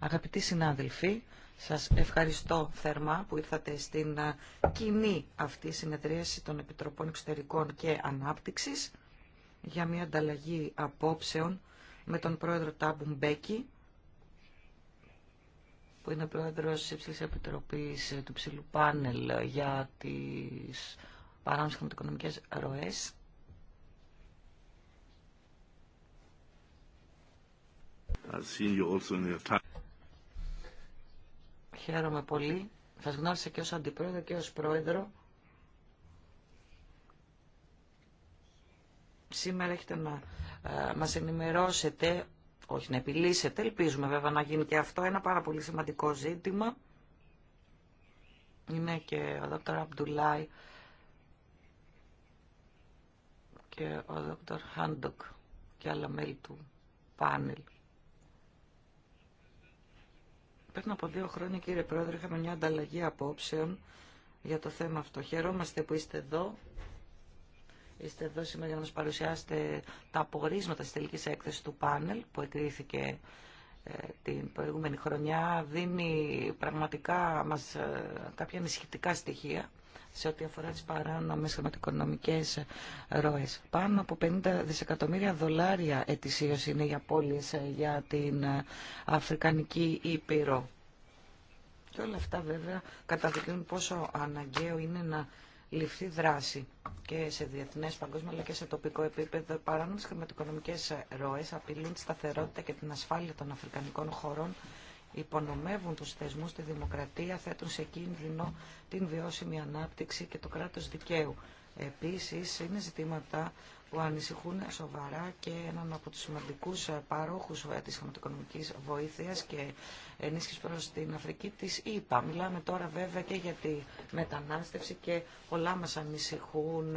Αγαπητοί συνάδελφοι, σας ευχαριστώ θερμά που ήρθατε στην κοινή αυτή συνεδρίαση των Επιτροπών Εξωτερικών και Ανάπτυξης για μια ανταλλαγή απόψεων με τον πρόεδρο Τάμπου Μπέκη, που είναι πρόεδρος της Υψηλής Επιτροπής του Ψηλού Πάνελ για τις παράνομες χρηματοοικονομικές ροές. Χαίρομαι πολύ. Σας γνώρισα και ως αντιπρόεδρο και ως πρόεδρο. Σήμερα έχετε να ε, μας ενημερώσετε, όχι να επιλύσετε, ελπίζουμε βέβαια να γίνει και αυτό, ένα πάρα πολύ σημαντικό ζήτημα. Είναι και ο Δ. Αμπτουλάη και ο Δόκτωρ Χάντοκ και άλλα μέλη του πάνελ. Πριν από δύο χρόνια, κύριε Πρόεδρε, είχαμε μια ανταλλαγή απόψεων για το θέμα αυτό. Χαιρόμαστε που είστε εδώ. Είστε εδώ σήμερα για να μα παρουσιάσετε τα απορίσματα της τελικής έκθεσης του πάνελ που εκρήθηκε ε, την προηγούμενη χρονιά. Δίνει πραγματικά μας ε, κάποια ανησυχητικά στοιχεία σε ό,τι αφορά τις παράνομες χρηματοοικονομικές ροές. Πάνω από 50 δισεκατομμύρια δολάρια ετησίως είναι για πόλεις ε, για την ε, Αφρικανική Ήπειρο. Και όλα αυτά βέβαια καταδεικνύουν πόσο αναγκαίο είναι να ληφθεί δράση και σε διεθνές παγκόσμια αλλά και σε τοπικό επίπεδο. παράνομες χρηματοοικονομικές ροέ απειλούν τη σταθερότητα και την ασφάλεια των αφρικανικών χωρών υπονομεύουν τους θεσμούς, στη δημοκρατία, θέτουν σε κίνδυνο την βιώσιμη ανάπτυξη και το κράτος δικαίου. Επίσης, είναι ζητήματα που ανησυχούν σοβαρά και έναν από τους σημαντικούς παρόχους της χρηματοοικονομικής βοήθειας και ενίσχυσης προς την Αφρική της ΕΠΑ. Μιλάμε τώρα βέβαια και για τη μετανάστευση και πολλά μας ανησυχούν.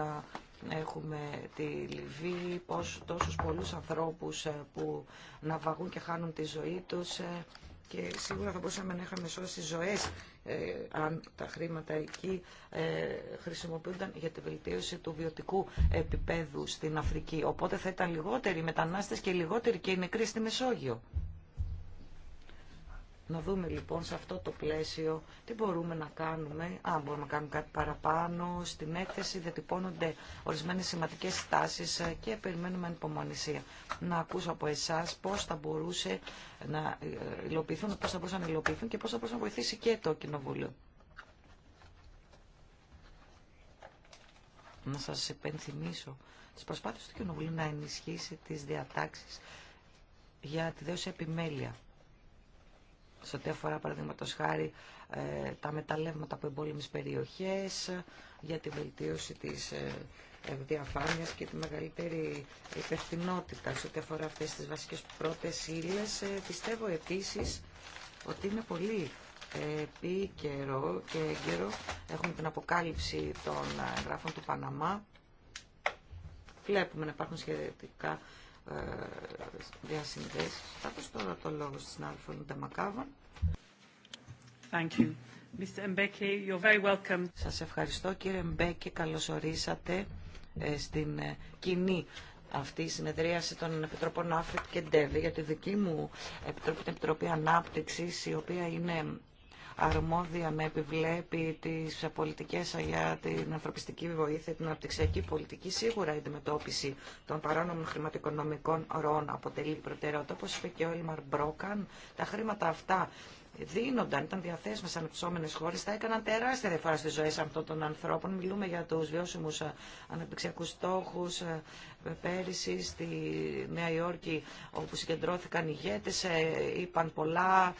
Έχουμε τη Λιβύη, τόσους πολλούς ανθρώπους που ναυαγούν και χάνουν τη ζωή τους και σίγουρα θα μπορούσαμε να είχαμε σώσει ζωές ε, αν τα χρήματα εκεί ε, χρησιμοποιούνταν για τη βελτίωση του βιωτικού επίπεδου στην Αφρική. Οπότε θα ήταν λιγότεροι μετανάστες και λιγότεροι και οι νεκροί στη Μεσόγειο. Να δούμε λοιπόν σε αυτό το πλαίσιο τι μπορούμε να κάνουμε, αν μπορούμε να κάνουμε κάτι παραπάνω. Στην έκθεση διατυπώνονται ορισμένες σημαντικές στάσεις ε, και περιμένουμε ανυπομονησία. Να ακούσω από εσάς πώς θα μπορούσε να ε, υλοποιηθούν, πώς θα μπορούσαν να υλοποιηθούν και πώς θα μπορούσε να βοηθήσει και το Κοινοβούλιο. Να σας υπενθυμίσω τις προσπάθειες του Κοινοβουλίου να ενισχύσει τις διατάξεις για τη δέωση επιμέλεια σε ό,τι αφορά παραδείγματο χάρη ε, τα μεταλλεύματα από εμπόλεμες περιοχές, για τη βελτίωση της ε, διαφάνειας και τη μεγαλύτερη υπευθυνότητα σε ό,τι αφορά αυτές τις βασικές πρώτες ύλες. Ε, πιστεύω επίσης ότι είναι πολύ επίκαιρο και έγκαιρο. Έχουμε την αποκάλυψη των γράφων του Παναμά. Βλέπουμε να υπάρχουν σχετικά ε, διασυνδέσεις. Θα δώσω τώρα το λόγο στην συνάδελφο Μακάβα. Σα Σας ευχαριστώ κύριε Μπέκη, καλώς ορίσατε ε, στην ε, κοινή αυτή συνεδρίαση των Επιτροπών Άφρικ και Ντέβη για τη δική μου Επιτροπή, την Επιτροπή Ανάπτυξης, η οποία είναι αρμόδια με επιβλέπει τις πολιτικές για την ανθρωπιστική βοήθεια, την αναπτυξιακή πολιτική, σίγουρα η αντιμετώπιση των παράνομων χρηματοοικονομικών ροών αποτελεί προτεραιότητα. Όπως είπε και ο Έλμαρ Μπρόκαν, τα χρήματα αυτά δίνονταν, ήταν διαθέσιμε σε ανεπτυσσόμενε χώρε, θα έκαναν τεράστια διαφορά στι ζωέ αυτών των ανθρώπων. Μιλούμε για του βιώσιμου ε, αναπτυξιακού στόχου. Ε, πέρυσι στη Νέα Υόρκη, όπου συγκεντρώθηκαν ηγέτε, ε, είπαν πολλά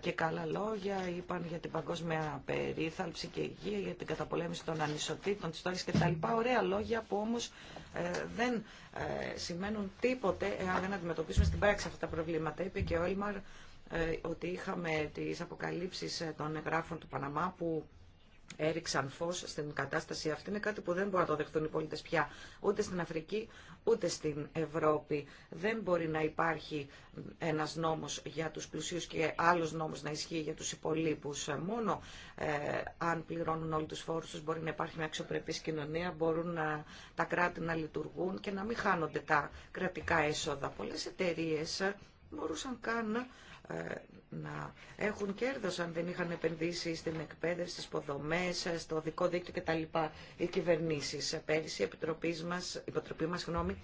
και καλά λόγια. Είπαν για την παγκόσμια περίθαλψη και υγεία, για την καταπολέμηση των ανισοτήτων, τη τα κτλ. Ωραία λόγια που όμω δεν σημαίνουν τίποτε εάν δεν αντιμετωπίσουμε στην πράξη αυτά τα προβλήματα. Είπε και ο ε, ότι είχαμε τις αποκαλύψεις ε, των εγγράφων του Παναμά που έριξαν φως στην κατάσταση αυτή. Είναι κάτι που δεν μπορούν να το δεχτούν οι πολίτες πια ούτε στην Αφρική ούτε στην Ευρώπη. Δεν μπορεί να υπάρχει ένας νόμος για τους πλουσίους και άλλος νόμος να ισχύει για τους υπολείπους. Ε, μόνο αν πληρώνουν όλοι τους φόρους τους μπορεί να υπάρχει μια αξιοπρεπής κοινωνία, μπορούν να, τα κράτη να λειτουργούν και να μην χάνονται τα κρατικά έσοδα. Πολλές εταιρείε μπορούσαν καν ε, να έχουν κέρδος αν δεν είχαν επενδύσει στην εκπαίδευση, στις υποδομές, στο δικό δίκτυο κτλ. οι κυβερνήσεις. Ε, πέρυσι η Επιτροπή μας, η γνώμη,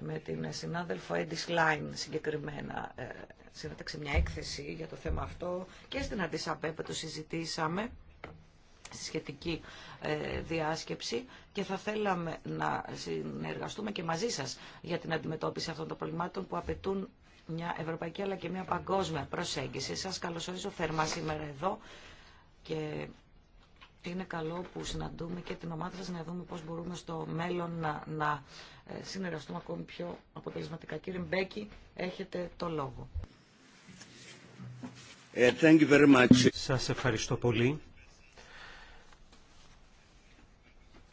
με την συνάδελφο Έντι Λάιν συγκεκριμένα ε, συνέταξε μια έκθεση για το θέμα αυτό και στην που το συζητήσαμε στη σχετική διάσκεψη και θα θέλαμε να συνεργαστούμε και μαζί σας για την αντιμετώπιση αυτών των προβλημάτων που απαιτούν μια ευρωπαϊκή αλλά και μια παγκόσμια προσέγγιση. Σας καλωσορίζω θερμά σήμερα εδώ και είναι καλό που συναντούμε και την ομάδα σας να δούμε πώς μπορούμε στο μέλλον να, να ε, συνεργαστούμε ακόμη πιο αποτελεσματικά. Κύριε Μπέκη, έχετε το λόγο. Ε, thank you very much. Σας ευχαριστώ πολύ.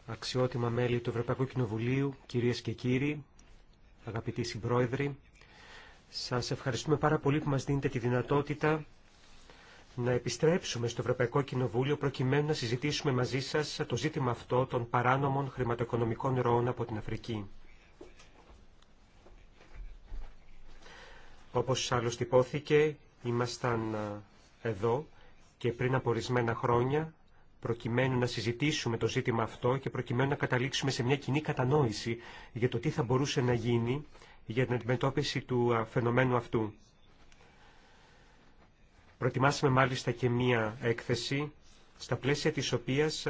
Αξιότιμα μέλη του Ευρωπαϊκού Κοινοβουλίου, κυρίες και κύριοι, αγαπητοί συμπρόεδροι, σας ευχαριστούμε πάρα πολύ που μας δίνετε τη δυνατότητα να επιστρέψουμε στο Ευρωπαϊκό Κοινοβούλιο προκειμένου να συζητήσουμε μαζί σας το ζήτημα αυτό των παράνομων χρηματοοικονομικών ροών από την Αφρική. Όπως άλλο τυπώθηκε, ήμασταν ε, εδώ και πριν από ορισμένα χρόνια προκειμένου να συζητήσουμε το ζήτημα αυτό και προκειμένου να καταλήξουμε σε μια κοινή κατανόηση για το τι θα μπορούσε να γίνει για την αντιμετώπιση του φαινομένου αυτού. Προετοιμάσαμε μάλιστα και μία έκθεση, στα πλαίσια της οποίας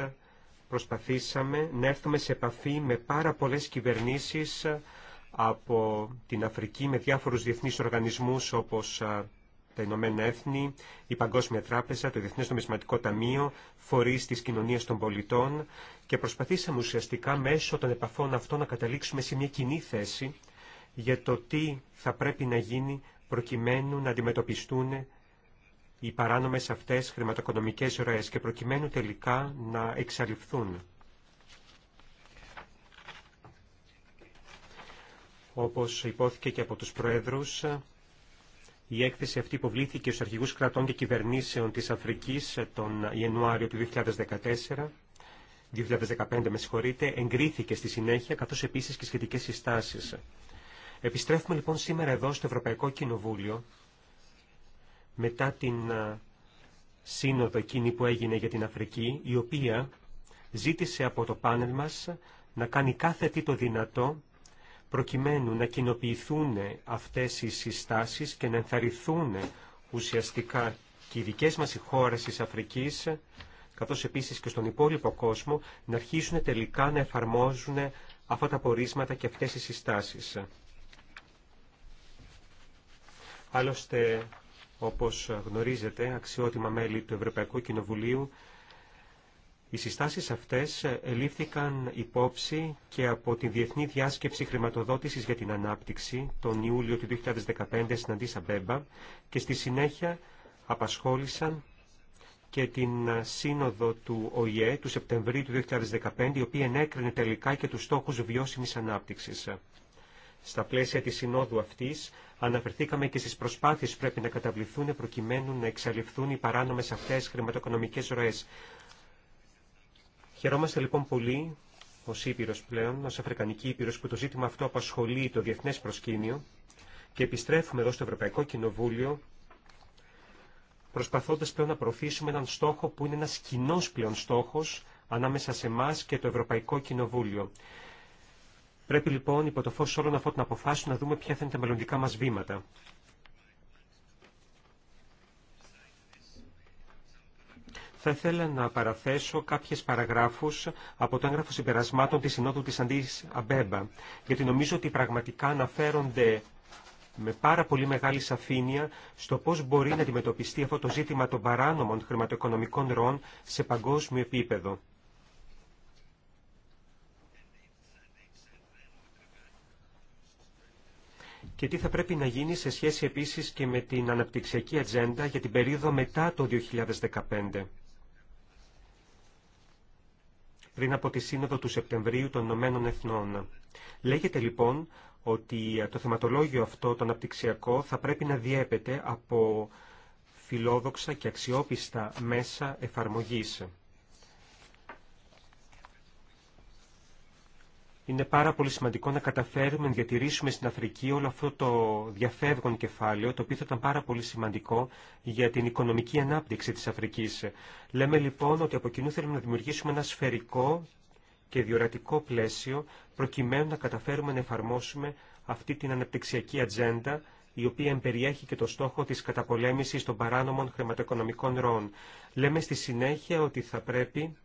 προσπαθήσαμε να έρθουμε σε επαφή με πάρα πολλές κυβερνήσεις από την Αφρική, με διάφορους διεθνείς οργανισμούς όπως τα Ηνωμένα Έθνη, η Παγκόσμια Τράπεζα, το Διεθνές Νομισματικό Ταμείο, φορείς της κοινωνίας των πολιτών και προσπαθήσαμε ουσιαστικά μέσω των επαφών αυτών να καταλήξουμε σε μια κοινή θέση για το τι θα πρέπει να γίνει προκειμένου να αντιμετωπιστούν οι παράνομες αυτές χρηματοοικονομικές ροές και προκειμένου τελικά να εξαλειφθούν. Όπως υπόθηκε και από τους Προέδρους, η έκθεση αυτή υποβλήθηκε στους αρχηγούς κρατών και κυβερνήσεων της Αφρικής τον Ιανουάριο του 2014. 2015 με συγχωρείτε, εγκρίθηκε στη συνέχεια, καθώς επίσης και σχετικές συστάσεις. Επιστρέφουμε λοιπόν σήμερα εδώ στο Ευρωπαϊκό Κοινοβούλιο μετά την σύνοδο εκείνη που έγινε για την Αφρική, η οποία ζήτησε από το πάνελ μας να κάνει κάθε τι το δυνατό προκειμένου να κοινοποιηθούν αυτές οι συστάσεις και να ενθαρρυνθούν ουσιαστικά και οι δικές μας οι χώρες της Αφρικής, καθώς επίσης και στον υπόλοιπο κόσμο, να αρχίσουν τελικά να εφαρμόζουν αυτά τα πορίσματα και αυτές οι συστάσεις. Άλλωστε, όπως γνωρίζετε, αξιότιμα μέλη του Ευρωπαϊκού Κοινοβουλίου, οι συστάσεις αυτές ελήφθηκαν υπόψη και από τη Διεθνή Διάσκεψη Χρηματοδότησης για την Ανάπτυξη τον Ιούλιο του 2015 στην Αντίσα Μπέμπα και στη συνέχεια απασχόλησαν και την σύνοδο του ΟΗΕ του Σεπτεμβρίου του 2015, η οποία ενέκρινε τελικά και τους στόχους βιώσιμης ανάπτυξης. Στα πλαίσια της συνόδου αυτής αναφερθήκαμε και στις προσπάθειες που πρέπει να καταβληθούν προκειμένου να εξαλειφθούν οι παράνομες αυτές χρηματοοικονομικές ροές. Χαιρόμαστε λοιπόν πολύ ως Ήπειρος πλέον, ως Αφρικανική Ήπειρος που το ζήτημα αυτό απασχολεί το διεθνές προσκήνιο και επιστρέφουμε εδώ στο Ευρωπαϊκό Κοινοβούλιο προσπαθώντας πλέον να προωθήσουμε έναν στόχο που είναι ένας κοινό πλέον στόχος ανάμεσα σε εμά και το Ευρωπαϊκό Κοινοβούλιο. Πρέπει λοιπόν υπό το φως όλων αυτών των αποφάσεων να δούμε ποια θα είναι τα μελλοντικά μας βήματα. θα ήθελα να παραθέσω κάποιες παραγράφους από το έγγραφο συμπερασμάτων της Συνόδου της Αντίς Αμπέμπα, γιατί νομίζω ότι πραγματικά αναφέρονται με πάρα πολύ μεγάλη σαφήνεια στο πώς μπορεί να αντιμετωπιστεί αυτό το ζήτημα των παράνομων χρηματοοικονομικών ροών σε παγκόσμιο επίπεδο. και τι θα πρέπει να γίνει σε σχέση επίσης και με την αναπτυξιακή ατζέντα για την περίοδο μετά το 2015. Πριν από τη Σύνοδο του Σεπτεμβρίου των Ηνωμένων Εθνών. Λέγεται λοιπόν ότι το θεματολόγιο αυτό, το αναπτυξιακό, θα πρέπει να διέπεται από φιλόδοξα και αξιόπιστα μέσα εφαρμογής. είναι πάρα πολύ σημαντικό να καταφέρουμε να διατηρήσουμε στην Αφρική όλο αυτό το διαφεύγον κεφάλαιο, το οποίο θα ήταν πάρα πολύ σημαντικό για την οικονομική ανάπτυξη της Αφρικής. Λέμε λοιπόν ότι από κοινού θέλουμε να δημιουργήσουμε ένα σφαιρικό και διορατικό πλαίσιο, προκειμένου να καταφέρουμε να εφαρμόσουμε αυτή την αναπτυξιακή ατζέντα, η οποία εμπεριέχει και το στόχο της καταπολέμησης των παράνομων χρηματοοικονομικών ροών. Λέμε στη συνέχεια ότι θα πρέπει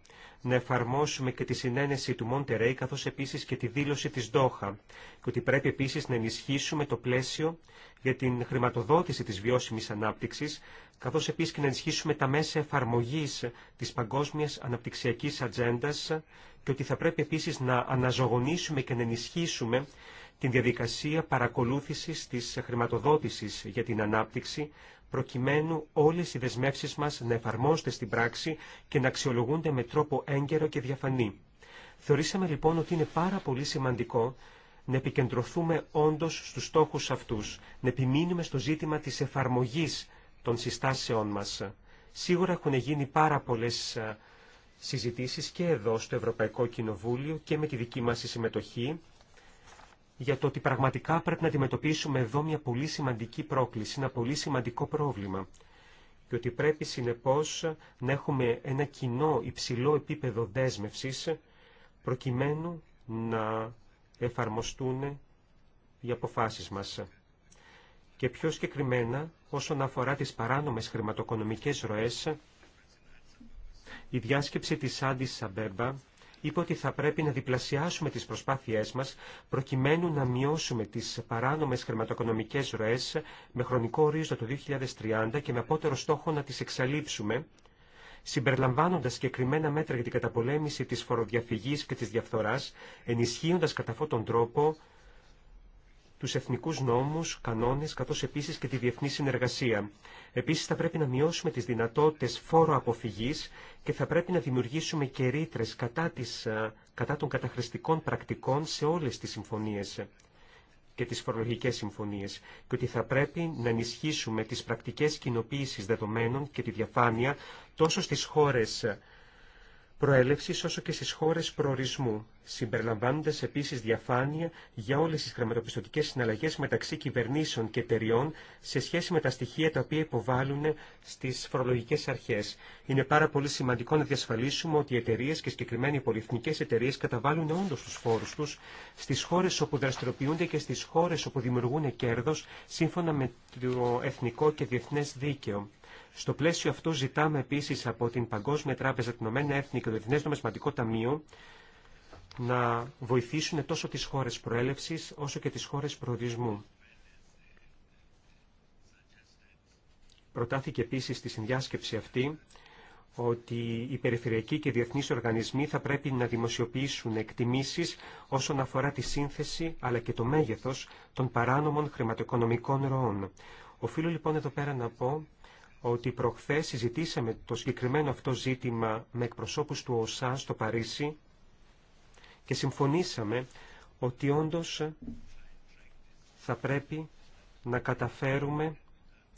να εφαρμόσουμε και τη συνένεση του Μοντερέι καθώς επίσης και τη δήλωση της Ντόχα και ότι πρέπει επίσης να ενισχύσουμε το πλαίσιο για την χρηματοδότηση της βιώσιμης ανάπτυξης καθώς επίσης και να ενισχύσουμε τα μέσα εφαρμογής της παγκόσμιας αναπτυξιακής ατζέντα και ότι θα πρέπει επίσης να αναζωογονήσουμε και να ενισχύσουμε την διαδικασία παρακολούθησης της χρηματοδότησης για την ανάπτυξη προκειμένου όλες οι δεσμεύσεις μας να εφαρμόζονται στην πράξη και να αξιολογούνται με τρόπο έγκαιρο και διαφανή. Θεωρήσαμε λοιπόν ότι είναι πάρα πολύ σημαντικό να επικεντρωθούμε όντως στους στόχους αυτούς, να επιμείνουμε στο ζήτημα της εφαρμογής των συστάσεών μας. Σίγουρα έχουν γίνει πάρα πολλές ε, συζητήσεις και εδώ στο Ευρωπαϊκό Κοινοβούλιο και με τη δική μας συμμετοχή για το ότι πραγματικά πρέπει να αντιμετωπίσουμε εδώ μια πολύ σημαντική πρόκληση, ένα πολύ σημαντικό πρόβλημα και ότι πρέπει συνεπώς να έχουμε ένα κοινό υψηλό επίπεδο δέσμευσης προκειμένου να εφαρμοστούν οι αποφάσεις μας. Και πιο συγκεκριμένα όσον αφορά τις παράνομες χρηματοοικονομικές ροές, η διάσκεψη της Άντις Σαμπέμπα είπε ότι θα πρέπει να διπλασιάσουμε τις προσπάθειές μας προκειμένου να μειώσουμε τις παράνομες χρηματοοικονομικές ροές με χρονικό ορίζοντα το 2030 και με απότερο στόχο να τις εξαλείψουμε συμπεριλαμβάνοντα συγκεκριμένα μέτρα για την καταπολέμηση της φοροδιαφυγής και της διαφθοράς, ενισχύοντας κατά αυτόν τον τρόπο τους εθνικούς νόμους, κανόνες, καθώ επίσης και τη διεθνή συνεργασία. Επίσης θα πρέπει να μειώσουμε τις δυνατότητες φόρο αποφυγής και θα πρέπει να δημιουργήσουμε και ρήτρε κατά, κατά των καταχρηστικών πρακτικών σε όλες τις συμφωνίες και τις φορολογικές συμφωνίες και ότι θα πρέπει να ενισχύσουμε τις πρακτικές κοινοποίησης δεδομένων και τη διαφάνεια τόσο στις χώρες προέλευση όσο και στι χώρε προορισμού, συμπεριλαμβάνοντα επίση διαφάνεια για όλε τι χρηματοπιστωτικέ συναλλαγές μεταξύ κυβερνήσεων και εταιριών σε σχέση με τα στοιχεία τα οποία υποβάλλουν στι φορολογικέ αρχέ. Είναι πάρα πολύ σημαντικό να διασφαλίσουμε ότι οι εταιρείε και συγκεκριμένα οι πολυεθνικές εταιρείες καταβάλουν όντως τους φόρους τους στις χώρες όπου δραστηριοποιούνται και στι χώρε όπου δημιουργούν κέρδο, σύμφωνα με το εθνικό και διεθνέ δίκαιο. Στο πλαίσιο αυτό ζητάμε επίσης από την Παγκόσμια Τράπεζα, την Ομένα Έθνη και το Διεθνές Νομισματικό Ταμείο να βοηθήσουν τόσο τις χώρες προέλευσης όσο και τις χώρες προορισμού. Προτάθηκε επίσης στη συνδιάσκεψη αυτή ότι οι περιφερειακοί και διεθνείς οργανισμοί θα πρέπει να δημοσιοποιήσουν εκτιμήσεις όσον αφορά τη σύνθεση αλλά και το μέγεθος των παράνομων χρηματοοικονομικών ροών. Οφείλω λοιπόν εδώ πέρα να πω ότι προχθές συζητήσαμε το συγκεκριμένο αυτό ζήτημα με εκπροσώπους του ΟΣΑ στο Παρίσι και συμφωνήσαμε ότι όντως θα πρέπει να καταφέρουμε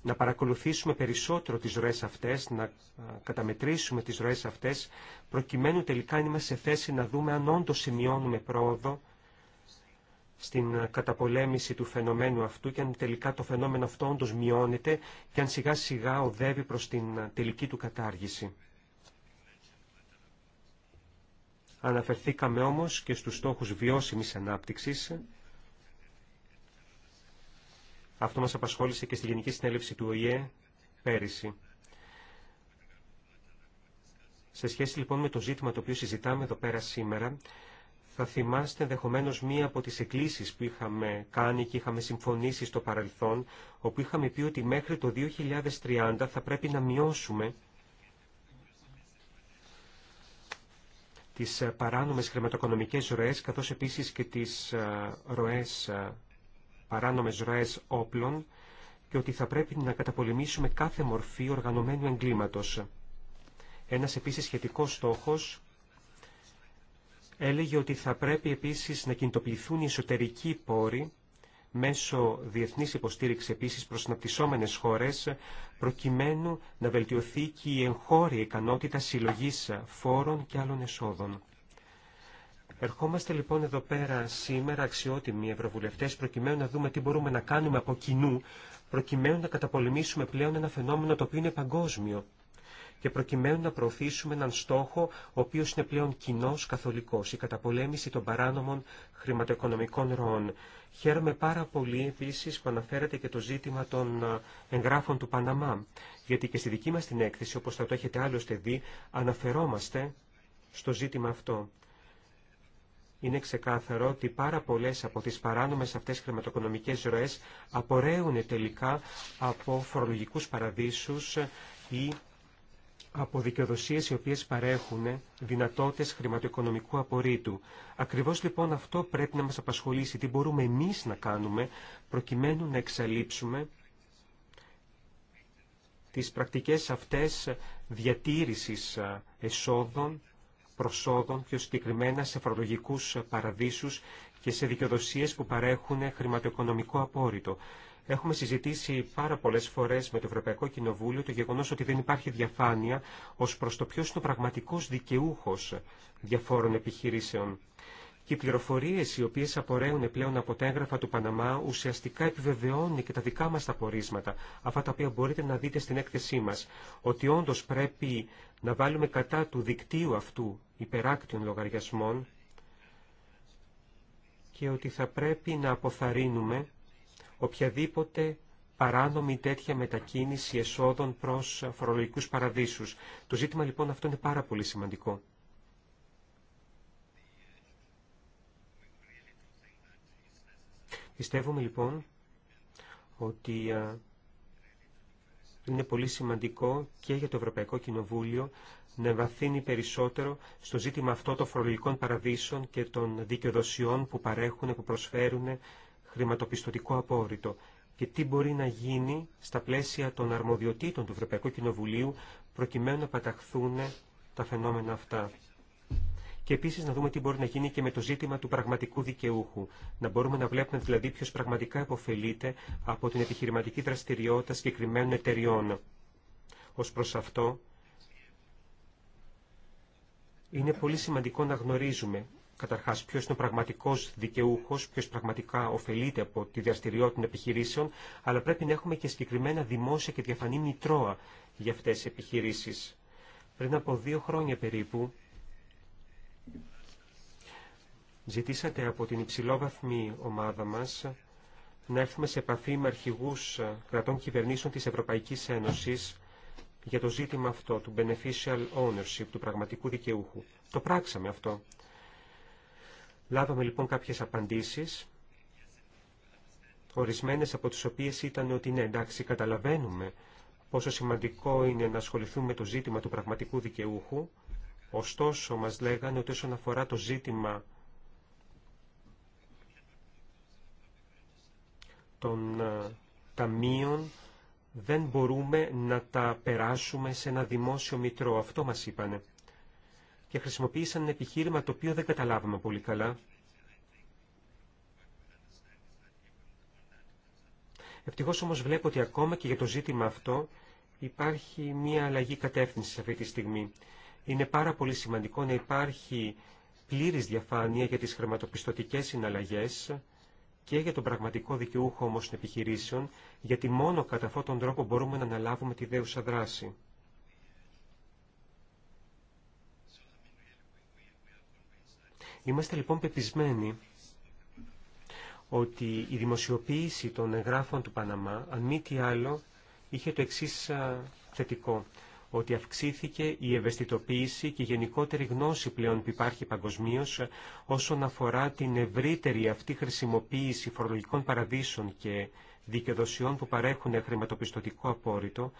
να παρακολουθήσουμε περισσότερο τις ροές αυτές, να καταμετρήσουμε τις ροές αυτές, προκειμένου τελικά να είμαστε σε θέση να δούμε αν όντως σημειώνουμε πρόοδο στην ε, καταπολέμηση του φαινομένου αυτού και αν τελικά το φαινόμενο αυτό όντως μειώνεται και αν σιγά σιγά οδεύει προς την ε, τελική του κατάργηση. Αναφερθήκαμε όμως και στους στόχους βιώσιμης ανάπτυξης. Αυτό μας απασχόλησε και στη Γενική Συνέλευση του ΟΗΕ πέρυσι. Σε σχέση λοιπόν με το ζήτημα το οποίο συζητάμε εδώ πέρα σήμερα, θα θυμάστε ενδεχομένω μία από τις εκκλήσεις που είχαμε κάνει και είχαμε συμφωνήσει στο παρελθόν, όπου είχαμε πει ότι μέχρι το 2030 θα πρέπει να μειώσουμε τις ε, παράνομες χρηματοοικονομικές ροές, καθώς επίσης και τις ε, ροές, ε, παράνομες ροές όπλων και ότι θα πρέπει να καταπολεμήσουμε κάθε μορφή οργανωμένου εγκλήματος. Ένας επίσης σχετικός στόχος έλεγε ότι θα πρέπει επίσης να κινητοποιηθούν οι εσωτερικοί πόροι μέσω διεθνής υποστήριξης επίσης προς αναπτυσσόμενες χώρες, προκειμένου να βελτιωθεί και η εγχώρια ικανότητα συλλογής φόρων και άλλων εσόδων. Ερχόμαστε λοιπόν εδώ πέρα σήμερα αξιότιμοι ευρωβουλευτές προκειμένου να δούμε τι μπορούμε να κάνουμε από κοινού προκειμένου να καταπολεμήσουμε πλέον ένα φαινόμενο το οποίο είναι παγκόσμιο και προκειμένου να προωθήσουμε έναν στόχο ο οποίο είναι πλέον κοινό καθολικό, η καταπολέμηση των παράνομων χρηματοοικονομικών ροών. Χαίρομαι πάρα πολύ επίση που αναφέρεται και το ζήτημα των ε, εγγράφων του Παναμά, γιατί και στη δική μα την έκθεση, όπω θα το έχετε άλλωστε δει, αναφερόμαστε στο ζήτημα αυτό. Είναι ξεκάθαρο ότι πάρα πολλέ από τι παράνομε αυτέ χρηματοοικονομικέ ροέ απορρέουν τελικά από φορολογικού παραδείσου ή από δικαιοδοσίε οι οποίε παρέχουν δυνατότητε χρηματοοικονομικού απορρίτου. Ακριβώ λοιπόν αυτό πρέπει να μα απασχολήσει. Τι μπορούμε εμεί να κάνουμε προκειμένου να εξαλείψουμε τις πρακτικές αυτές διατήρηση εσόδων, προσόδων, πιο συγκεκριμένα σε φορολογικούς παραδείσους και σε δικαιοδοσίε που παρέχουν χρηματοοικονομικό απόρριτο. Έχουμε συζητήσει πάρα πολλέ φορέ με το Ευρωπαϊκό Κοινοβούλιο το γεγονό ότι δεν υπάρχει διαφάνεια ω προ το ποιο είναι ο πραγματικό δικαιούχο διαφόρων επιχειρήσεων. Και οι πληροφορίε οι οποίε απορρέουν πλέον από τα έγγραφα του Παναμά ουσιαστικά επιβεβαιώνει και τα δικά μα τα πορίσματα, αυτά τα οποία μπορείτε να δείτε στην έκθεσή μα, ότι όντω πρέπει να βάλουμε κατά του δικτύου αυτού υπεράκτιων λογαριασμών και ότι θα πρέπει να αποθαρρύνουμε οποιαδήποτε παράνομη τέτοια μετακίνηση εσόδων προς φορολογικούς παραδείσους. Το ζήτημα λοιπόν αυτό είναι πάρα πολύ σημαντικό. Πιστεύουμε λοιπόν ότι είναι πολύ σημαντικό και για το Ευρωπαϊκό Κοινοβούλιο να βαθύνει περισσότερο στο ζήτημα αυτό των φορολογικών παραδείσων και των δικαιοδοσιών που παρέχουν, που προσφέρουν χρηματοπιστωτικό απόρριτο και τι μπορεί να γίνει στα πλαίσια των αρμοδιοτήτων του Ευρωπαϊκού Κοινοβουλίου προκειμένου να παταχθούν τα φαινόμενα αυτά. Και επίσης να δούμε τι μπορεί να γίνει και με το ζήτημα του πραγματικού δικαιούχου. Να μπορούμε να βλέπουμε δηλαδή ποιος πραγματικά υποφελείται από την επιχειρηματική δραστηριότητα συγκεκριμένων εταιριών. Ως προς αυτό, είναι πολύ σημαντικό να γνωρίζουμε Καταρχά, ποιο είναι ο πραγματικό δικαιούχο, ποιο πραγματικά ωφελείται από τη δραστηριότητα των επιχειρήσεων, αλλά πρέπει να έχουμε και συγκεκριμένα δημόσια και διαφανή μητρώα για αυτέ τι επιχειρήσει. Πριν από δύο χρόνια περίπου, ζητήσατε από την υψηλόβαθμη ομάδα μας να έρθουμε σε επαφή με αρχηγούς κρατών κυβερνήσεων της Ευρωπαϊκής Ένωσης για το ζήτημα αυτό του beneficial ownership, του πραγματικού δικαιούχου. Το πράξαμε αυτό. Λάβαμε λοιπόν κάποιες απαντήσεις, ορισμένες από τις οποίες ήταν ότι ναι, εντάξει, καταλαβαίνουμε πόσο σημαντικό είναι να ασχοληθούμε με το ζήτημα του πραγματικού δικαιούχου, ωστόσο μας λέγανε ότι όσον αφορά το ζήτημα των ε, ταμείων δεν μπορούμε να τα περάσουμε σε ένα δημόσιο μητρό. Αυτό μας είπανε και χρησιμοποίησαν ένα επιχείρημα το οποίο δεν καταλάβαμε πολύ καλά. Ευτυχώ όμως βλέπω ότι ακόμα και για το ζήτημα αυτό υπάρχει μια αλλαγή κατεύθυνση αυτή τη στιγμή. Είναι πάρα πολύ σημαντικό να υπάρχει πλήρης διαφάνεια για τις χρηματοπιστωτικές συναλλαγές και για τον πραγματικό δικαιούχο όμω των επιχειρήσεων, γιατί μόνο κατά αυτόν τον τρόπο μπορούμε να αναλάβουμε τη δέουσα δράση. Είμαστε λοιπόν πεπισμένοι ότι η δημοσιοποίηση των εγγράφων του Παναμά, αν μη τι άλλο, είχε το εξή θετικό ότι αυξήθηκε η ευαισθητοποίηση και η γενικότερη γνώση πλέον που υπάρχει παγκοσμίω όσον αφορά την ευρύτερη αυτή χρησιμοποίηση φορολογικών παραδείσων και δικαιοδοσιών που παρέχουν χρηματοπιστωτικό απόρριτο,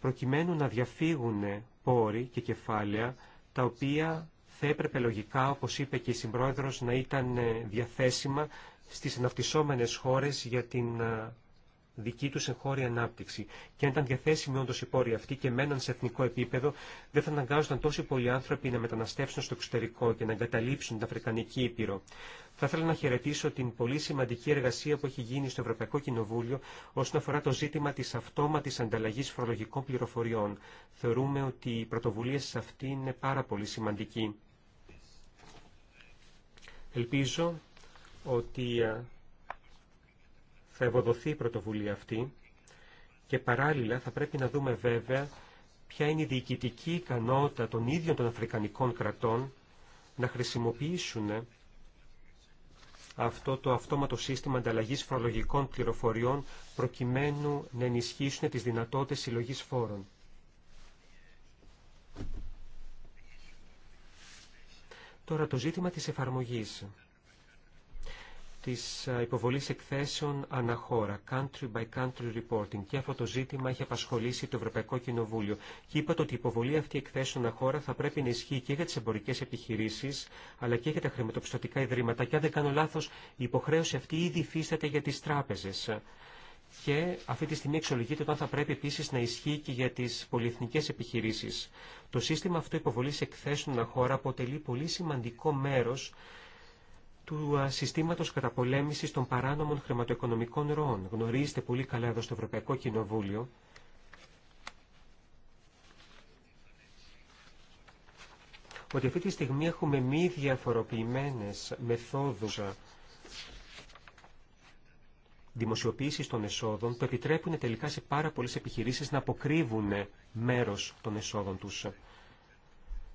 προκειμένου να διαφύγουν πόροι και κεφάλαια τα οποία θα έπρεπε λογικά, όπως είπε και η Συμπρόεδρος, να ήταν ε, διαθέσιμα στις αναπτυσσόμενες χώρες για την ε, δική τους εγχώρια ανάπτυξη. Και αν ήταν διαθέσιμη όντως οι πόροι αυτοί και μέναν σε εθνικό επίπεδο, δεν θα αναγκάζονταν τόσοι πολλοί άνθρωποι να μεταναστεύσουν στο εξωτερικό και να εγκαταλείψουν την Αφρικανική Ήπειρο. Θα ήθελα να χαιρετήσω την πολύ σημαντική εργασία που έχει γίνει στο Ευρωπαϊκό Κοινοβούλιο όσον αφορά το ζήτημα της αυτόματης ανταλλαγής φορολογικών πληροφοριών. Θεωρούμε ότι οι πρωτοβουλίες αυτή είναι πάρα πολύ σημαντική. Ελπίζω ότι ε, θα ευοδοθεί η πρωτοβουλία αυτή και παράλληλα θα πρέπει να δούμε βέβαια ποια είναι η διοικητική ικανότητα των ίδιων των Αφρικανικών κρατών να χρησιμοποιήσουν αυτό το αυτόματο σύστημα ανταλλαγής φορολογικών πληροφοριών προκειμένου να ενισχύσουν τις δυνατότητες συλλογής φόρων. Τώρα το ζήτημα της εφαρμογής της υποβολής εκθέσεων αναχώρα, country by country reporting. Και αυτό το ζήτημα έχει απασχολήσει το Ευρωπαϊκό Κοινοβούλιο. Και είπατε ότι η υποβολή αυτή εκθέσεων αναχώρα θα πρέπει να ισχύει και για τις εμπορικές επιχειρήσεις, αλλά και για τα χρηματοπιστωτικά ιδρύματα. Και αν δεν κάνω λάθος, η υποχρέωση αυτή ήδη υφίσταται για τις τράπεζες και αυτή τη στιγμή εξολογείται όταν θα πρέπει επίση να ισχύει και για τι πολυεθνικέ επιχειρήσει. Το σύστημα αυτό υποβολή εκθέσεων να χώρα αποτελεί πολύ σημαντικό μέρο του συστήματο καταπολέμηση των παράνομων χρηματοοικονομικών ροών. Γνωρίζετε πολύ καλά εδώ στο Ευρωπαϊκό Κοινοβούλιο ότι αυτή τη στιγμή έχουμε μη διαφοροποιημένες μεθόδου δημοσιοποίηση των εσόδων το επιτρέπουν τελικά σε πάρα πολλές επιχειρήσεις να αποκρύβουν μέρος των εσόδων τους.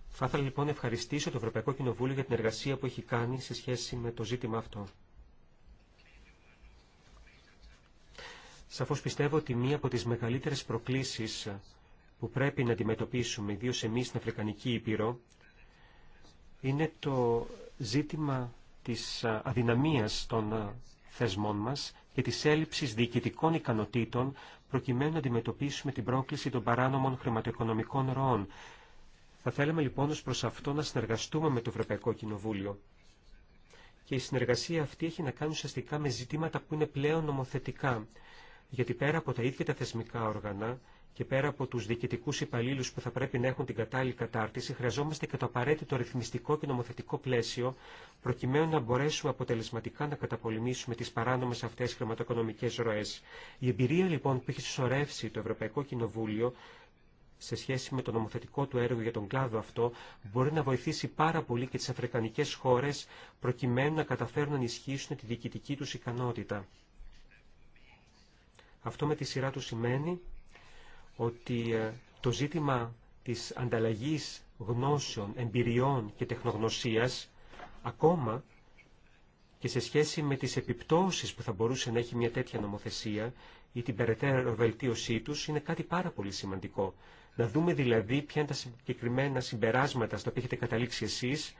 Θα ήθελα λοιπόν να ευχαριστήσω το Ευρωπαϊκό Κοινοβούλιο για την εργασία που έχει κάνει σε σχέση με το ζήτημα αυτό. Σαφώς πιστεύω ότι μία από τις μεγαλύτερες προκλήσεις που πρέπει να αντιμετωπίσουμε, ιδίως εμείς στην Αφρικανική Ήπειρο, είναι το ζήτημα της αδυναμίας των θεσμών μας και της έλλειψης διοικητικών ικανοτήτων προκειμένου να αντιμετωπίσουμε την πρόκληση των παράνομων χρηματοοικονομικών ροών. Θα θέλαμε λοιπόν ως προς αυτό να συνεργαστούμε με το Ευρωπαϊκό Κοινοβούλιο. Και η συνεργασία αυτή έχει να κάνει ουσιαστικά με ζητήματα που είναι πλέον νομοθετικά, γιατί πέρα από τα ίδια τα θεσμικά όργανα και πέρα από του διοικητικού υπαλλήλου που θα πρέπει να έχουν την κατάλληλη κατάρτιση, χρειαζόμαστε και το απαραίτητο ρυθμιστικό και νομοθετικό πλαίσιο, προκειμένου να μπορέσουμε αποτελεσματικά να καταπολεμήσουμε τι παράνομε αυτέ χρηματοοικονομικές ροέ. Η εμπειρία λοιπόν που έχει συσσωρεύσει το Ευρωπαϊκό Κοινοβούλιο σε σχέση με το νομοθετικό του έργο για τον κλάδο αυτό, μπορεί να βοηθήσει πάρα πολύ και τι αφρικανικέ χώρε προκειμένου να καταφέρουν να ενισχύσουν τη διοικητική του ικανότητα. Αυτό με τη σειρά του σημαίνει ότι ε, το ζήτημα της ανταλλαγής γνώσεων, εμπειριών και τεχνογνωσίας, ακόμα και σε σχέση με τις επιπτώσεις που θα μπορούσε να έχει μια τέτοια νομοθεσία ή την περαιτέρω βελτίωσή τους, είναι κάτι πάρα πολύ σημαντικό. Να δούμε δηλαδή ποια είναι τα συγκεκριμένα συμπεράσματα στα οποία έχετε καταλήξει εσείς,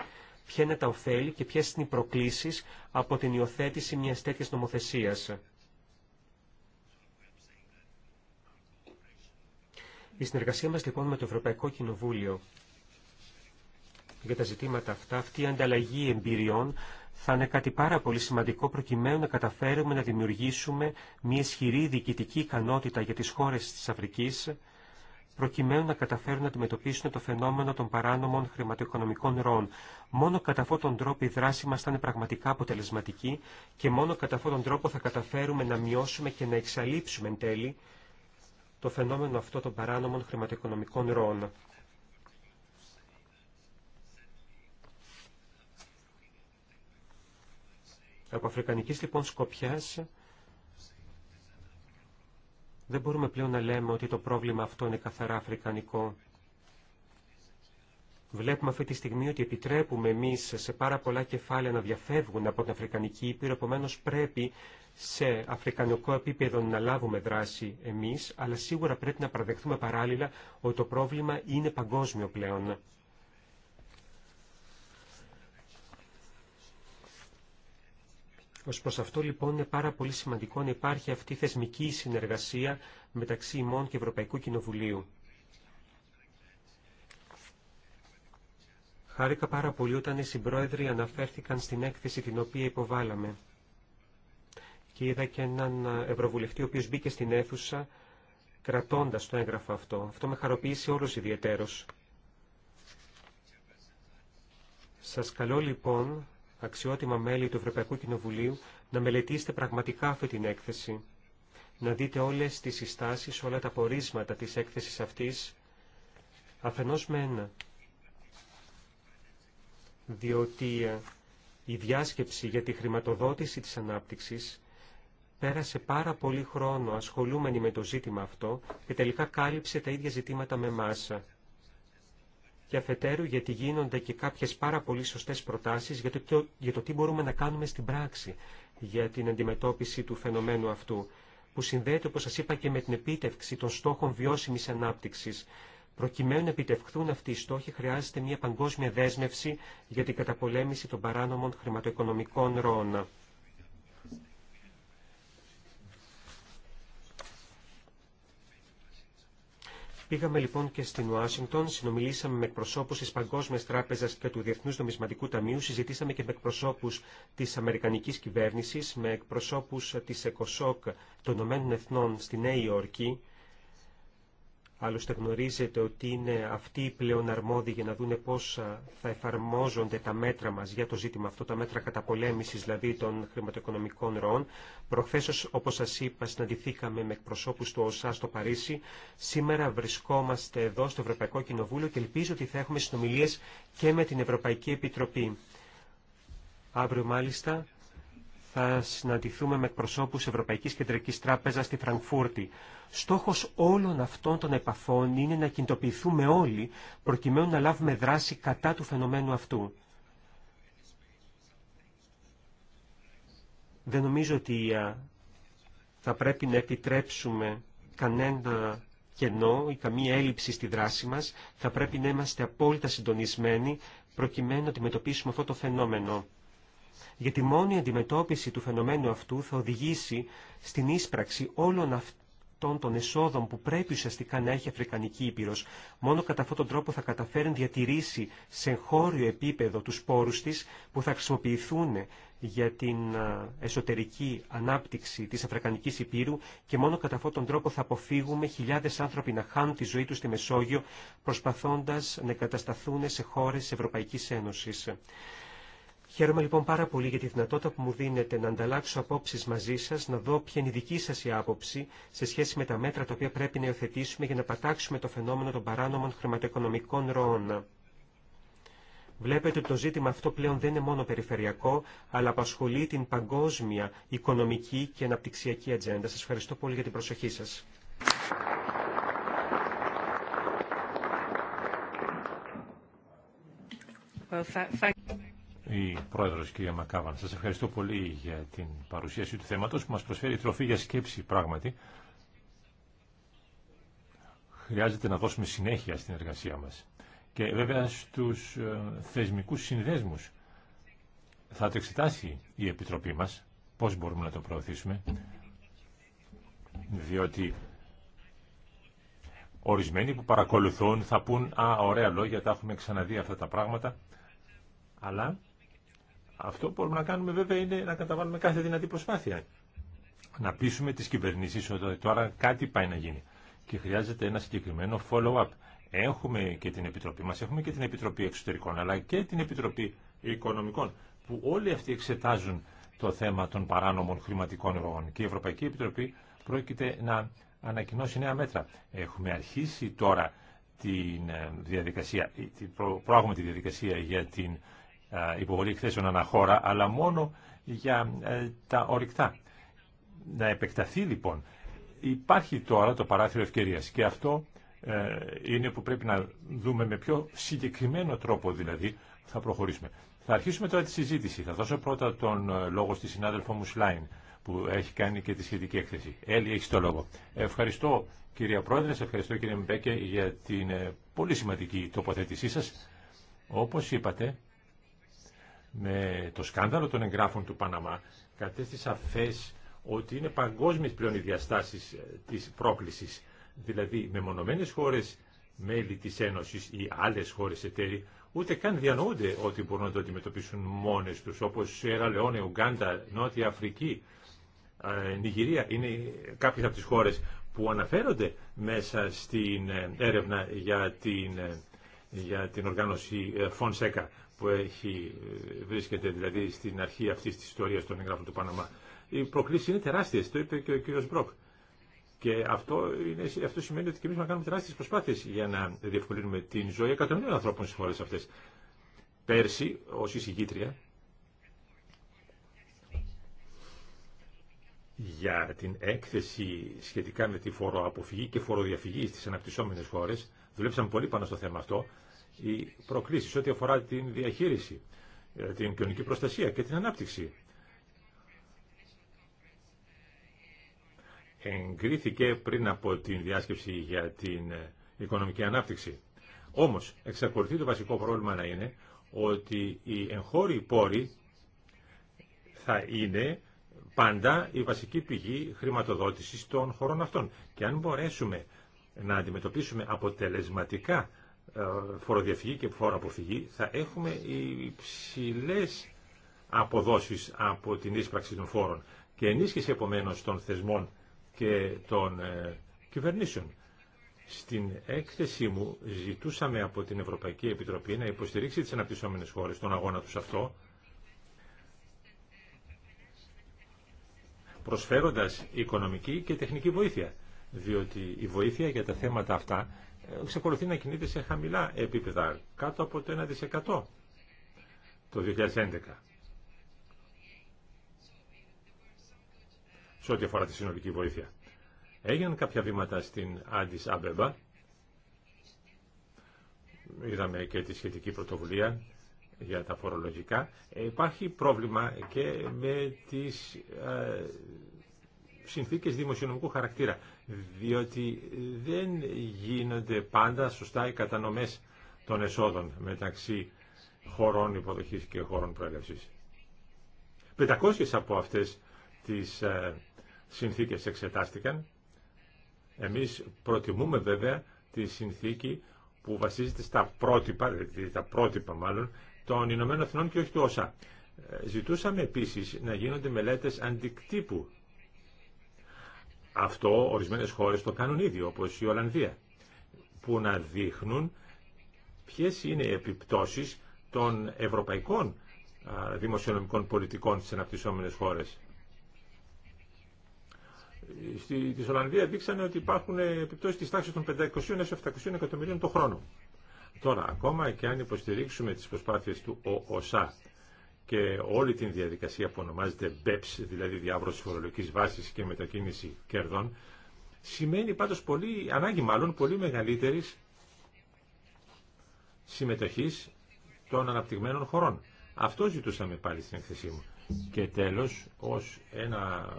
ποια είναι τα ωφέλη και ποιες είναι οι προκλήσεις από την υιοθέτηση μιας τέτοιας νομοθεσίας. Η συνεργασία μας λοιπόν με το Ευρωπαϊκό Κοινοβούλιο για τα ζητήματα αυτά, αυτή η ανταλλαγή εμπειριών θα είναι κάτι πάρα πολύ σημαντικό προκειμένου να καταφέρουμε να δημιουργήσουμε μια ισχυρή διοικητική ικανότητα για τις χώρες της Αφρικής προκειμένου να καταφέρουν να αντιμετωπίσουν το φαινόμενο των παράνομων χρηματοοικονομικών ροών. Μόνο κατά αυτόν τον τρόπο η δράση μας θα είναι πραγματικά αποτελεσματική και μόνο κατά αυτόν τον τρόπο θα καταφέρουμε να μειώσουμε και να εξαλείψουμε εν τέλει το φαινόμενο αυτό των παράνομων χρηματοοικονομικών ροών. Από αφρικανικής λοιπόν σκοπιάς δεν μπορούμε πλέον να λέμε ότι το πρόβλημα αυτό είναι καθαρά αφρικανικό. Βλέπουμε αυτή τη στιγμή ότι επιτρέπουμε εμείς σε πάρα πολλά κεφάλαια να διαφεύγουν από την Αφρικανική Ήπειρο, επομένω πρέπει σε αφρικανικό επίπεδο να λάβουμε δράση εμείς, αλλά σίγουρα πρέπει να παραδεχθούμε παράλληλα ότι το πρόβλημα είναι παγκόσμιο πλέον. Ως προς αυτό λοιπόν είναι πάρα πολύ σημαντικό να υπάρχει αυτή η θεσμική συνεργασία μεταξύ ημών και Ευρωπαϊκού Κοινοβουλίου. Χάρηκα πάρα πολύ όταν οι συμπρόεδροι αναφέρθηκαν στην έκθεση την οποία υποβάλαμε και είδα και έναν ευρωβουλευτή ο οποίος μπήκε στην αίθουσα κρατώντας το έγγραφο αυτό. Αυτό με χαροποίησε όλος ιδιαιτέρως. Σας καλώ λοιπόν, αξιότιμα μέλη του Ευρωπαϊκού Κοινοβουλίου, να μελετήσετε πραγματικά αυτή την έκθεση. Να δείτε όλες τις συστάσεις, όλα τα πορίσματα της έκθεσης αυτής, αφενός με ένα. Διότι ε, η διάσκεψη για τη χρηματοδότηση της ανάπτυξης πέρασε πάρα πολύ χρόνο ασχολούμενη με το ζήτημα αυτό και τελικά κάλυψε τα ίδια ζητήματα με εμάς. Και αφετέρου γιατί γίνονται και κάποιες πάρα πολύ σωστές προτάσεις για το, για το τι μπορούμε να κάνουμε στην πράξη για την αντιμετώπιση του φαινομένου αυτού, που συνδέεται, όπως σας είπα, και με την επίτευξη των στόχων βιώσιμης ανάπτυξης. Προκειμένου να επιτευχθούν αυτοί οι στόχοι, χρειάζεται μια παγκόσμια δέσμευση για την καταπολέμηση των παράνομων χρηματοοικονομικών ροών. Πήγαμε λοιπόν και στην Ουάσιγκτον, συνομιλήσαμε με εκπροσώπους της Παγκόσμιας Τράπεζας και του Διεθνούς Νομισματικού Ταμείου, συζητήσαμε και με εκπροσώπους της Αμερικανικής Κυβέρνησης, με εκπροσώπους της ΕΚΟΣΟΚ των Ηνωμένων Εθνών στη Νέα Υόρκη Άλλωστε γνωρίζετε ότι είναι αυτοί οι πλέον αρμόδιοι για να δούνε πώς θα εφαρμόζονται τα μέτρα μας για το ζήτημα αυτό, τα μέτρα καταπολέμησης δηλαδή των χρηματοοικονομικών ροών. Προχθές, όπως σας είπα, συναντηθήκαμε με εκπροσώπους του ΟΣΑ στο Παρίσι. Σήμερα βρισκόμαστε εδώ στο Ευρωπαϊκό Κοινοβούλιο και ελπίζω ότι θα έχουμε συνομιλίες και με την Ευρωπαϊκή Επιτροπή. Αύριο μάλιστα θα συναντηθούμε με εκπροσώπους Ευρωπαϊκής Κεντρικής Τράπεζας στη Φραγκφούρτη. Στόχος όλων αυτών των επαφών είναι να κινητοποιηθούμε όλοι προκειμένου να λάβουμε δράση κατά του φαινομένου αυτού. Δεν νομίζω ότι θα πρέπει να επιτρέψουμε κανένα κενό ή καμία έλλειψη στη δράση μας. Θα πρέπει να είμαστε απόλυτα συντονισμένοι προκειμένου να αντιμετωπίσουμε αυτό το φαινόμενο γιατί μόνο η αντιμετώπιση του φαινομένου αυτού θα οδηγήσει στην ίσπραξη όλων αυτών των εσόδων που πρέπει ουσιαστικά να έχει Αφρικανική Ήπειρος. Μόνο κατά αυτόν τον τρόπο θα καταφέρει να διατηρήσει σε χώριο επίπεδο τους πόρους της που θα χρησιμοποιηθούν για την εσωτερική ανάπτυξη της Αφρικανικής Ήπειρου και μόνο κατά αυτόν τον τρόπο θα αποφύγουμε χιλιάδες άνθρωποι να χάνουν τη ζωή τους στη Μεσόγειο προσπαθώντας να εγκατασταθούν σε χώρες Ευρωπαϊκής Ένωσης. Χαίρομαι λοιπόν πάρα πολύ για τη δυνατότητα που μου δίνετε να ανταλλάξω απόψει μαζί σα να δω ποια είναι η δική σα η άποψη σε σχέση με τα μέτρα τα οποία πρέπει να υιοθετήσουμε για να πατάξουμε το φαινόμενο των παράνομων χρηματοοικονομικών ροών. Βλέπετε ότι το ζήτημα αυτό πλέον δεν είναι μόνο περιφερειακό, αλλά απασχολεί την παγκόσμια οικονομική και αναπτυξιακή ατζέντα. Σα ευχαριστώ πολύ για την προσοχή σα η πρόεδρος κυρία Μακάβαν. Σας ευχαριστώ πολύ για την παρουσίαση του θέματος που μας προσφέρει τροφή για σκέψη πράγματι. Χρειάζεται να δώσουμε συνέχεια στην εργασία μας. Και βέβαια στους ε, θεσμικούς συνδέσμους θα το εξετάσει η Επιτροπή μας πώς μπορούμε να το προωθήσουμε διότι ορισμένοι που παρακολουθούν θα πούν «Α, ωραία λόγια, τα έχουμε ξαναδεί αυτά τα πράγματα» αλλά αυτό που μπορούμε να κάνουμε βέβαια είναι να καταβάλουμε κάθε δυνατή προσπάθεια. Να πείσουμε τις κυβερνήσεις ότι τώρα κάτι πάει να γίνει και χρειάζεται ένα συγκεκριμένο follow-up. Έχουμε και την Επιτροπή μας, έχουμε και την Επιτροπή Εξωτερικών αλλά και την Επιτροπή Οικονομικών που όλοι αυτοί εξετάζουν το θέμα των παράνομων χρηματικών εργών και η Ευρωπαϊκή Επιτροπή πρόκειται να ανακοινώσει νέα μέτρα. Έχουμε αρχίσει τώρα την ε, διαδικασία, προάγουμε τη διαδικασία για την ε, υποβολή εκθέσεων αναχώρα, αλλά μόνο για ε, τα ορυκτά. Να επεκταθεί λοιπόν. Υπάρχει τώρα το παράθυρο ευκαιρίας και αυτό ε, είναι που πρέπει να δούμε με πιο συγκεκριμένο τρόπο δηλαδή θα προχωρήσουμε. Θα αρχίσουμε τώρα τη συζήτηση. Θα δώσω πρώτα τον λόγο στη συνάδελφό μου Σλάιν που έχει κάνει και τη σχετική έκθεση. Έλλη, έχει το λόγο. Ευχαριστώ κυρία Πρόεδρε, ευχαριστώ κύριε Μπέκε για την πολύ σημαντική τοποθέτησή σας. Όπως είπατε, με το σκάνδαλο των εγγράφων του Παναμά κατέστησα φες ότι είναι παγκόσμιες πλέον οι διαστάσεις ε, της πρόκλησης. Δηλαδή με μονομένες χώρες μέλη της Ένωσης ή άλλες χώρες εταίροι ούτε καν διανοούνται ότι μπορούν να το αντιμετωπίσουν μόνες τους όπως Σέρα Λεόνε, Ουγγάντα, Νότια Αφρική, ε, Νιγηρία είναι κάποιες από τις χώρες που αναφέρονται μέσα στην ε, έρευνα για την για την οργάνωση ΦΟΝΣΕΚΑ που έχει, ε, βρίσκεται δηλαδή στην αρχή αυτή τη ιστορία των εγγράφων του Παναμά. Οι προκλήσει είναι τεράστιε, το είπε και ο κύριο Μπροκ. Και αυτό, είναι, αυτό σημαίνει ότι και εμεί να κάνουμε τεράστιε προσπάθειες για να διευκολύνουμε την ζωή εκατομμυρίων ανθρώπων στι χώρε αυτέ. Πέρσι, ω εισηγήτρια, για την έκθεση σχετικά με τη φοροαποφυγή και φοροδιαφυγή στι αναπτυσσόμενε χώρε. δουλέψαμε πολύ πάνω στο θέμα αυτό, οι προκλήσεις ό,τι αφορά την διαχείριση, ε, την κοινωνική προστασία και την ανάπτυξη. Εγκρίθηκε πριν από την διάσκεψη για την ε, οικονομική ανάπτυξη. Όμως, εξακολουθεί το βασικό πρόβλημα να είναι ότι οι εγχώροι πόροι θα είναι πάντα η βασική πηγή χρηματοδότησης των χωρών αυτών. Και αν μπορέσουμε να αντιμετωπίσουμε αποτελεσματικά ε, φοροδιαφυγή και φοροαποφυγή θα έχουμε υψηλέ αποδόσεις από την ίσπραξη των φόρων και ενίσχυση επομένω των θεσμών και των ε, κυβερνήσεων. Στην έκθεσή μου ζητούσαμε από την Ευρωπαϊκή Επιτροπή να υποστηρίξει τις αναπτυσσόμενες χώρες τον αγώνα τους αυτό, προσφέροντας οικονομική και τεχνική βοήθεια, διότι η βοήθεια για τα θέματα αυτά εξακολουθεί να κινείται σε χαμηλά επίπεδα, κάτω από το 1% το 2011. Σε ό,τι αφορά τη συνολική βοήθεια. Έγιναν κάποια βήματα στην Άντις Αμπέμπα. Είδαμε και τη σχετική πρωτοβουλία για τα φορολογικά. Ε, υπάρχει πρόβλημα και με τις ε, συνθήκες δημοσιονομικού χαρακτήρα διότι δεν γίνονται πάντα σωστά οι κατανομές των εσόδων μεταξύ χωρών υποδοχής και χωρών προέλευσης. 500 από αυτές τις ε, συνθήκες εξετάστηκαν. Εμείς προτιμούμε βέβαια τη συνθήκη που βασίζεται στα πρότυπα, δηλαδή τα πρότυπα μάλλον, των Ηνωμένων Εθνών και όχι του ΩΣΑ. Ε, ζητούσαμε επίσης να γίνονται μελέτες αντικτύπου αυτό ορισμένες χώρες το κάνουν ήδη, όπως η Ολλανδία, που να δείχνουν ποιες είναι οι επιπτώσεις των ευρωπαϊκών δημοσιονομικών πολιτικών στις αναπτυσσόμενες χώρες. Στη, της Ολλανδία δείξανε ότι υπάρχουν επιπτώσεις της τάξης των 500 έως 700 εκατομμυρίων το χρόνο. Τώρα, ακόμα και αν υποστηρίξουμε τις προσπάθειες του ΟΟΣΑ και όλη την διαδικασία που ονομάζεται BEPS, δηλαδή διάβρωση φορολογικής βάσης και μετακίνηση κέρδων, σημαίνει πάντως πολύ, ανάγκη μάλλον πολύ μεγαλύτερης συμμετοχής των αναπτυγμένων χωρών. Αυτό ζητούσαμε πάλι στην εκθεσή μου. Και τέλος, ως ένα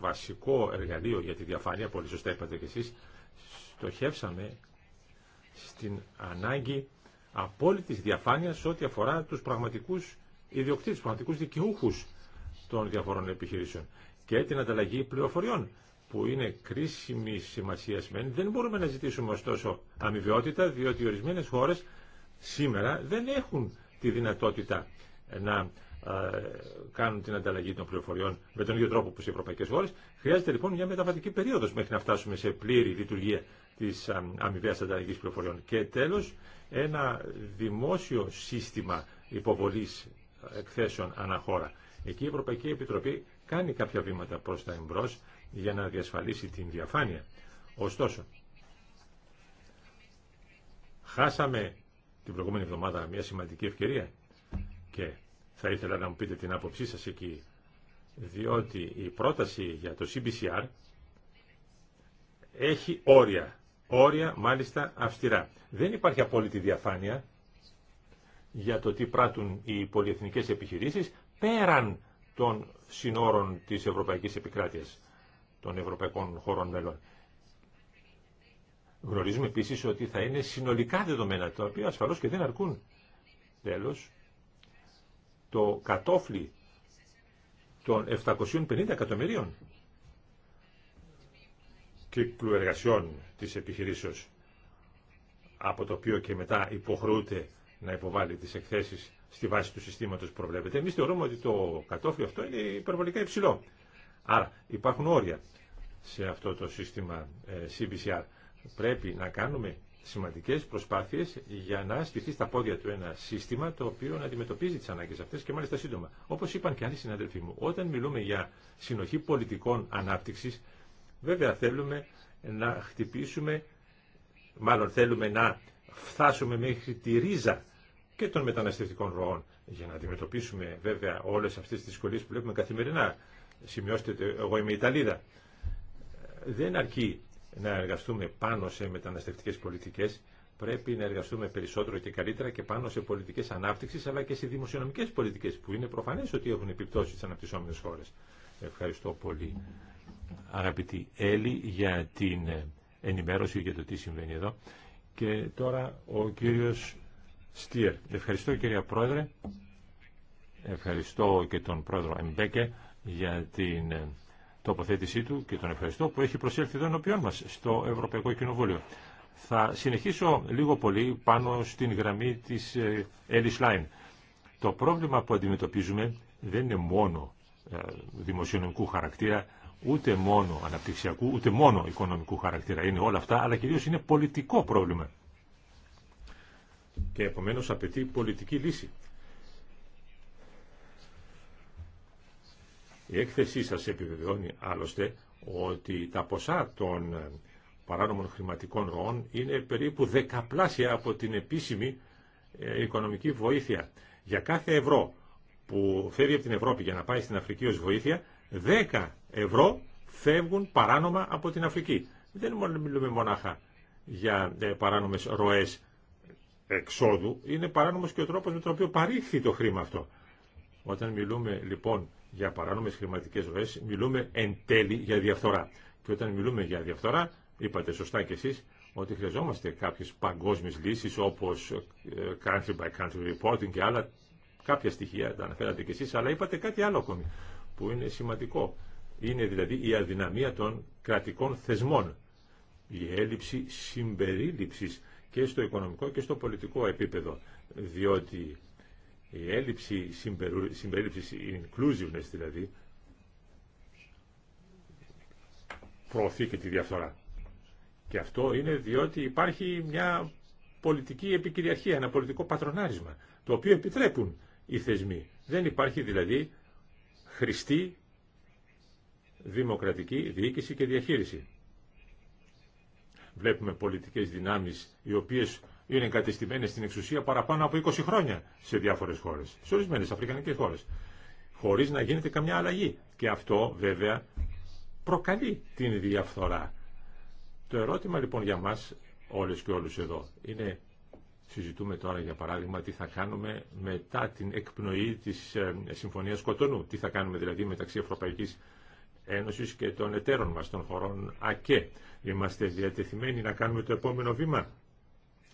βασικό εργαλείο για τη διαφάνεια, πολύ σωστά είπατε και εσείς, στοχεύσαμε στην ανάγκη απόλυτης διαφάνειας ό,τι αφορά τους πραγματικούς ιδιοκτήτε, πραγματικού δικαιούχου των διαφορών επιχειρήσεων και την ανταλλαγή πληροφοριών που είναι κρίσιμη σημασία μεν. Δεν μπορούμε να ζητήσουμε ωστόσο αμοιβαιότητα διότι οι ορισμένε χώρε σήμερα δεν έχουν τη δυνατότητα να ε, κάνουν την ανταλλαγή των πληροφοριών με τον ίδιο τρόπο που σε ευρωπαϊκέ χώρε. Χρειάζεται λοιπόν μια μεταβατική περίοδο μέχρι να φτάσουμε σε πλήρη λειτουργία τη ε, αμοιβαία ανταλλαγή πληροφοριών. Και τέλο, ένα δημόσιο σύστημα υποβολή εκθέσεων αναχώρα. Εκεί η Ευρωπαϊκή Επιτροπή κάνει κάποια βήματα προς τα εμπρός για να διασφαλίσει την διαφάνεια. Ωστόσο, χάσαμε την προηγούμενη εβδομάδα μια σημαντική ευκαιρία και θα ήθελα να μου πείτε την άποψή σας εκεί, διότι η πρόταση για το CBCR έχει όρια, όρια μάλιστα αυστηρά. Δεν υπάρχει απόλυτη διαφάνεια για το τι πράττουν οι πολυεθνικές επιχειρήσεις πέραν των συνόρων της Ευρωπαϊκής Επικράτειας των Ευρωπαϊκών χωρών μελών. Γνωρίζουμε επίσης ότι θα είναι συνολικά δεδομένα, τα οποία ασφαλώς και δεν αρκούν. Τέλος, το κατόφλι των 750 εκατομμυρίων κύκλου εργασιών της επιχειρήσεως, από το οποίο και μετά υποχρεούται να υποβάλει τις εκθέσεις στη βάση του συστήματος που προβλέπεται. Εμείς θεωρούμε ότι το κατόφλι αυτό είναι υπερβολικά υψηλό. Άρα υπάρχουν όρια σε αυτό το σύστημα ε, CBCR. Πρέπει να κάνουμε σημαντικές προσπάθειες για να στηθεί στα πόδια του ένα σύστημα το οποίο να αντιμετωπίζει τις ανάγκες αυτές και μάλιστα σύντομα. Όπως είπαν και άλλοι συναδελφοί μου, όταν μιλούμε για συνοχή πολιτικών ανάπτυξης, βέβαια θέλουμε να χτυπήσουμε, μάλλον θέλουμε να φτάσουμε μέχρι τη ρίζα και των μεταναστευτικών ροών για να αντιμετωπίσουμε βέβαια όλες αυτές τις δυσκολίες που βλέπουμε καθημερινά. Σημειώστε εγώ είμαι Ιταλίδα. Δεν αρκεί να εργαστούμε πάνω σε μεταναστευτικές πολιτικές, πρέπει να εργαστούμε περισσότερο και καλύτερα και πάνω σε πολιτικές ανάπτυξης αλλά και σε δημοσιονομικές πολιτικές που είναι προφανές ότι έχουν επιπτώσει στις αναπτυσσόμενες χώρες. Ευχαριστώ πολύ αγαπητή Έλλη για την ενημέρωση για το τι συμβαίνει εδώ. Και τώρα ο κύριος Στίερ. Ευχαριστώ κύριε Πρόεδρε. Ευχαριστώ και τον Πρόεδρο Εμπέκε για την ε, τοποθέτησή του και τον ευχαριστώ που έχει προσέλθει εδώ ενώπιόν μας στο Ευρωπαϊκό Κοινοβούλιο. Θα συνεχίσω λίγο πολύ πάνω στην γραμμή της ε, Ellis Line. Το πρόβλημα που αντιμετωπίζουμε δεν είναι μόνο ε, δημοσιονομικού χαρακτήρα, ούτε μόνο αναπτυξιακού, ούτε μόνο οικονομικού χαρακτήρα. Είναι όλα αυτά, αλλά κυρίως είναι πολιτικό πρόβλημα. Και επομένως απαιτεί πολιτική λύση. Η έκθεσή σας επιβεβαιώνει άλλωστε ότι τα ποσά των παράνομων χρηματικών ροών είναι περίπου δεκαπλάσια από την επίσημη ε, οικονομική βοήθεια. Για κάθε ευρώ που φέρει από την Ευρώπη για να πάει στην Αφρική ως βοήθεια, 10 ευρώ φεύγουν παράνομα από την Αφρική. Δεν μιλούμε μονάχα για ε, παράνομες ροές εξόδου, είναι παράνομος και ο τρόπος με τον οποίο παρήχθη το χρήμα αυτό. Όταν μιλούμε λοιπόν για παράνομες χρηματικές ροές, μιλούμε εν τέλει για διαφθορά. Και όταν μιλούμε για διαφθορά, είπατε σωστά κι εσείς, ότι χρειαζόμαστε κάποιες παγκόσμιες λύσεις όπως ε, country by country reporting και άλλα κάποια στοιχεία, τα αναφέρατε κι εσείς, αλλά είπατε κάτι άλλο ακόμη που είναι σημαντικό είναι δηλαδή η αδυναμία των κρατικών θεσμών, η έλλειψη συμπερίληψης και στο οικονομικό και στο πολιτικό επίπεδο, διότι η έλλειψη συμπερίληψης, inclusiveness δηλαδή, προωθεί και τη διαφθορά. Και αυτό είναι διότι υπάρχει μια πολιτική επικυριαρχία, ένα πολιτικό πατρονάρισμα, το οποίο επιτρέπουν οι θεσμοί. Δεν υπάρχει δηλαδή χρηστή δημοκρατική διοίκηση και διαχείριση. Βλέπουμε πολιτικές δυνάμεις οι οποίες είναι κατεστημένες στην εξουσία παραπάνω από 20 χρόνια σε διάφορες χώρες, σε ορισμένες αφρικανικές χώρες, χωρίς να γίνεται καμιά αλλαγή. Και αυτό βέβαια προκαλεί την διαφθορά. Το ερώτημα λοιπόν για μας όλες και όλους εδώ είναι συζητούμε τώρα για παράδειγμα τι θα κάνουμε μετά την εκπνοή της ε, Συμφωνίας Κοτονού, τι θα κάνουμε δηλαδή μεταξύ Ευρωπαϊκής Ένωσης και των εταίρων μας, των χωρών ΑΚΕ. Είμαστε διατεθειμένοι να κάνουμε το επόμενο βήμα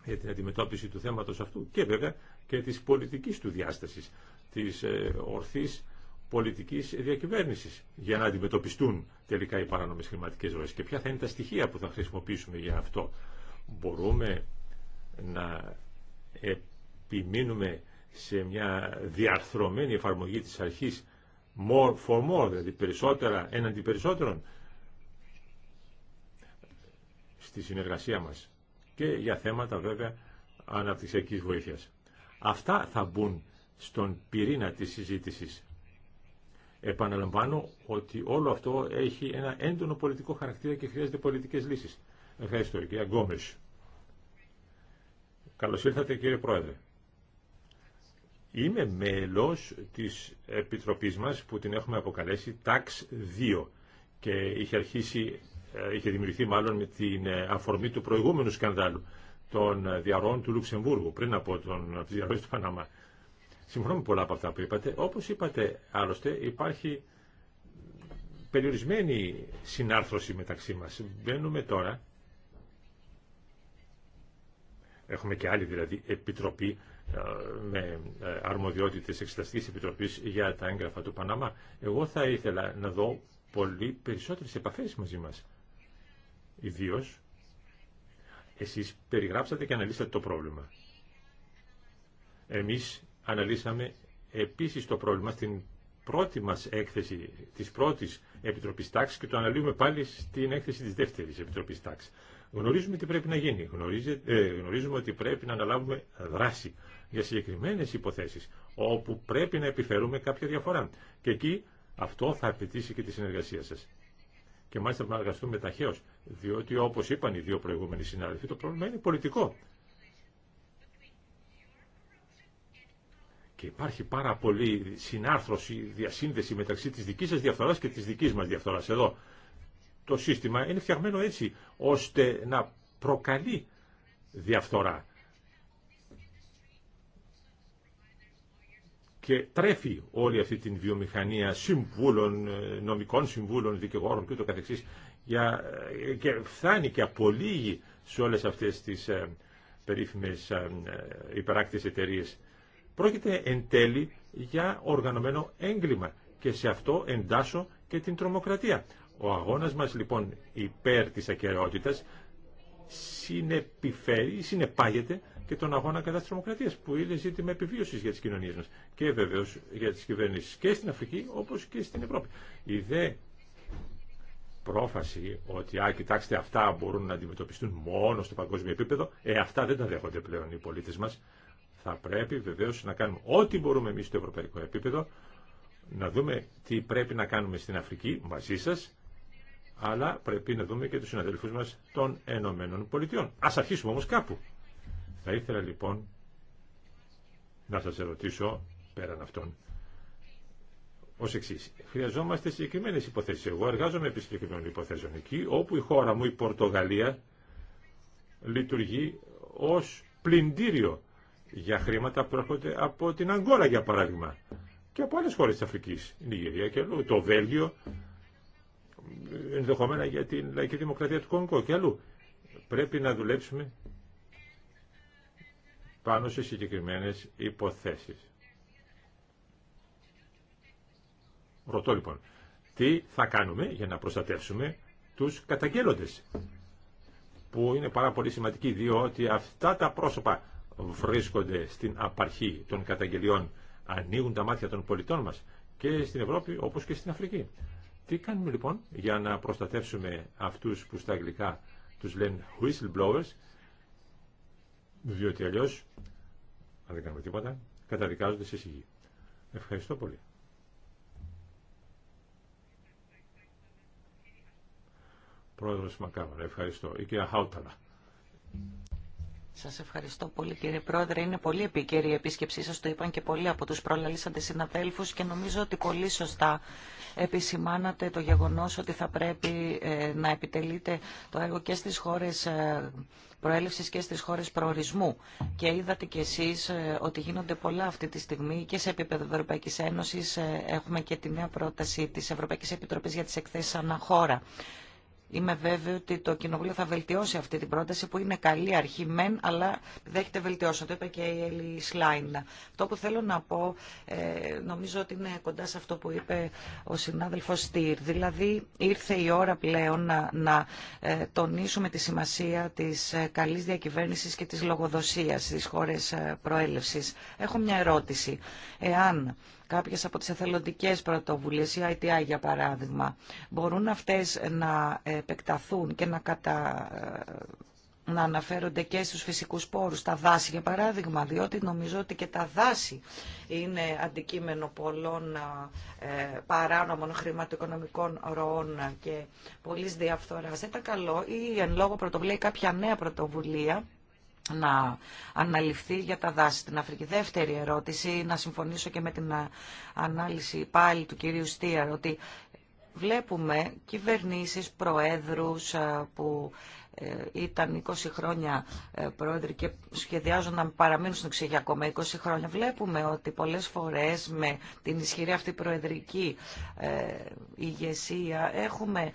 για την αντιμετώπιση του θέματος αυτού και βέβαια και της πολιτικής του διάστασης, της ε, ορθής πολιτικής διακυβέρνησης για να αντιμετωπιστούν τελικά οι παράνομε χρηματικές ροές και ποια θα είναι τα στοιχεία που θα χρησιμοποιήσουμε για αυτό. Μπορούμε να επιμείνουμε σε μια διαρθρωμένη εφαρμογή της αρχής more for more, δηλαδή περισσότερα έναντι περισσότερων στη συνεργασία μας και για θέματα βέβαια αναπτυξιακής βοήθειας. Αυτά θα μπουν στον πυρήνα της συζήτησης. Επαναλαμβάνω ότι όλο αυτό έχει ένα έντονο πολιτικό χαρακτήρα και χρειάζεται πολιτικές λύσεις. Ευχαριστώ, κύριε Γκόμες. Καλώς ήρθατε, κύριε Πρόεδρε. Είμαι μέλος της Επιτροπής μας που την έχουμε αποκαλέσει ΤΑΞ 2 και είχε αρχίσει, ε, είχε δημιουργηθεί μάλλον με την ε, αφορμή του προηγούμενου σκανδάλου των διαρροών του Λουξεμβούργου πριν από τον, τις του Παναμά. Συμφωνώ με πολλά από αυτά που είπατε. Όπως είπατε άλλωστε υπάρχει περιορισμένη συνάρθρωση μεταξύ μας. Μπαίνουμε τώρα, έχουμε και άλλη δηλαδή επιτροπή ε, με ε, αρμοδιότητες Εξεταστικής Επιτροπής για τα έγγραφα του Παναμά. Εγώ θα ήθελα να δω πολύ περισσότερες επαφές μαζί μας. Ιδίω, εσείς περιγράψατε και αναλύσατε το πρόβλημα. Εμείς αναλύσαμε επίσης το πρόβλημα στην πρώτη μας έκθεση της πρώτης Επιτροπής Τάξης και το αναλύουμε πάλι στην έκθεση της δεύτερης Επιτροπής Τάξης. Γνωρίζουμε τι πρέπει να γίνει. Ε, γνωρίζουμε ότι πρέπει να αναλάβουμε δράση για συγκεκριμένες υποθέσεις όπου πρέπει να επιφέρουμε κάποια διαφορά. Και εκεί αυτό θα απαιτήσει και τη συνεργασία σας. Και μάλιστα να εργαστούμε ταχαίως, διότι όπως είπαν οι δύο προηγούμενοι συνάδελφοι, το πρόβλημα είναι πολιτικό. Και υπάρχει πάρα πολύ συνάρθρωση, διασύνδεση μεταξύ της δικής σας διαφθοράς και της δικής μας διαφθοράς. Εδώ το σύστημα είναι φτιαγμένο έτσι, ώστε να προκαλεί διαφθορά. και τρέφει όλη αυτή την βιομηχανία συμβούλων, ε, νομικών συμβούλων, δικηγόρων και ούτω καθεξής για, ε, και φτάνει και απολύγει σε όλες αυτές τις ε, περίφημες ε, ε υπεράκτητες εταιρείε. Πρόκειται εν τέλει για οργανωμένο έγκλημα και σε αυτό εντάσσω και την τρομοκρατία. Ο αγώνας μας λοιπόν υπέρ της ακαιρεότητας συνεπιφέρει, συνεπάγεται και τον αγώνα κατά τη τρομοκρατία, που είναι ζήτημα επιβίωση για τι κοινωνίε μα και βεβαίω για τι κυβερνήσει και στην Αφρική όπω και στην Ευρώπη. Η δε πρόφαση ότι, α, κοιτάξτε, αυτά μπορούν να αντιμετωπιστούν μόνο στο παγκόσμιο επίπεδο, ε, αυτά δεν τα δέχονται πλέον οι πολίτε μα. Θα πρέπει βεβαίω να κάνουμε ό,τι μπορούμε εμεί στο ευρωπαϊκό επίπεδο, να δούμε τι πρέπει να κάνουμε στην Αφρική μαζί σα, αλλά πρέπει να δούμε και τους συναδελφούς μας των Ενωμένων Πολιτειών. Ας αρχίσουμε όμως κάπου. Θα ήθελα λοιπόν να σας ερωτήσω πέραν αυτών ω εξή. Χρειαζόμαστε συγκεκριμένε υποθέσει. Εγώ εργάζομαι επί συγκεκριμένων υποθέσεων εκεί, όπου η χώρα μου, η Πορτογαλία, λειτουργεί ω πλυντήριο για χρήματα που έρχονται από την Αγγόλα, για παράδειγμα, και από άλλε χώρε τη Αφρική, Νιγηρία και αλλού, το Βέλγιο, ενδεχομένα για την λαϊκή δημοκρατία του Κονγκό και αλλού. Πρέπει να δουλέψουμε πάνω σε συγκεκριμένες υποθέσεις. Ρωτώ λοιπόν, τι θα κάνουμε για να προστατεύσουμε τους καταγγέλλοντες, που είναι πάρα πολύ σημαντικοί, διότι αυτά τα πρόσωπα βρίσκονται στην απαρχή των καταγγελιών, ανοίγουν τα μάτια των πολιτών μας και στην Ευρώπη όπως και στην Αφρική. Τι κάνουμε λοιπόν για να προστατεύσουμε αυτούς που στα αγγλικά τους λένε whistleblowers διότι αλλιώ, αν δεν κάνουμε τίποτα, καταδικάζονται σε σιγή. Ευχαριστώ πολύ. Πρόεδρος Μακάβαρα, ευχαριστώ. Η κυρία Χάουταλα. Σας ευχαριστώ πολύ κύριε Πρόεδρε. Είναι πολύ επίκαιρη η επίσκεψή σας, το είπαν και πολλοί από τους προλαλήσαντε συναδέλφους και νομίζω ότι πολύ σωστά επισημάνατε το γεγονός ότι θα πρέπει ε, να επιτελείτε το έργο και στις χώρες ε, προέλευσης και στις χώρες προορισμού. Και είδατε κι εσείς ε, ότι γίνονται πολλά αυτή τη στιγμή και σε επίπεδο Ευρωπαϊκής Ένωσης έχουμε και τη νέα πρόταση της Ευρωπαϊκής Επιτροπής για τις εκθέσεις αναχώρα. Είμαι βέβαιο ότι το Κοινοβούλιο θα βελτιώσει αυτή την πρόταση που είναι καλή αρχή μεν, αλλά δέχεται βελτιώσει. Το είπε και η Έλλη Σλάιν. Αυτό που θέλω να πω, ε, νομίζω ότι είναι κοντά σε αυτό που είπε ο συνάδελφος Στυρ. Δηλαδή, ήρθε η ώρα πλέον να, να ε, τονίσουμε τη σημασία της ε, καλής διακυβέρνησης και της λογοδοσίας στις χώρες προέλευσης. Έχω μια ερώτηση. Εάν κάποιες από τις εθελοντικές πρωτοβουλίες, η ITI για παράδειγμα, μπορούν αυτές να επεκταθούν και να, κατα... Ε, να αναφέρονται και στους φυσικούς πόρους, τα δάση για παράδειγμα, διότι νομίζω ότι και τα δάση είναι αντικείμενο πολλών ε, παράνομων χρηματοοικονομικών ροών και πολλής διαφθοράς. Δεν ήταν καλό ή εν λόγω πρωτοβουλία κάποια νέα πρωτοβουλία να αναλυφθεί για τα δάση στην Αφρική. Δεύτερη ερώτηση, να συμφωνήσω και με την ε, ανάλυση πάλι του κυρίου Στίαρ, ότι βλέπουμε κυβερνήσεις, προέδρους ε, που ε, ήταν 20 χρόνια πρόεδροι και σχεδιάζουν να παραμείνουν στην εξήγη ακόμα 20 χρόνια. Βλέπουμε ότι πολλές φορές με την ισχυρή αυτή προεδρική ηγεσία έχουμε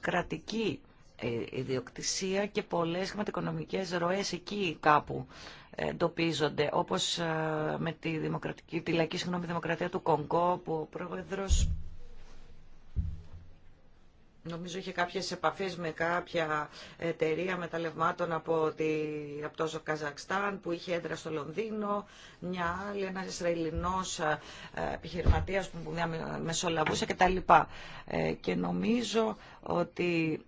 κρατική ε, ιδιοκτησία και πολλές χρηματοοικονομικές ροές εκεί κάπου ε, εντοπίζονται, όπως ε, με τη, δημοκρατική, τη λαϊκή συγγνώμη, δημοκρατία του Κονγκό, που ο πρόεδρος νομίζω είχε κάποιες επαφές με κάποια εταιρεία μεταλλευμάτων από, τη, από το Καζακστάν που είχε έντρα στο Λονδίνο, μια άλλη, ένας Ισραηλινός επιχειρηματίας που μεσολαβούσε κτλ. Και νομίζω ότι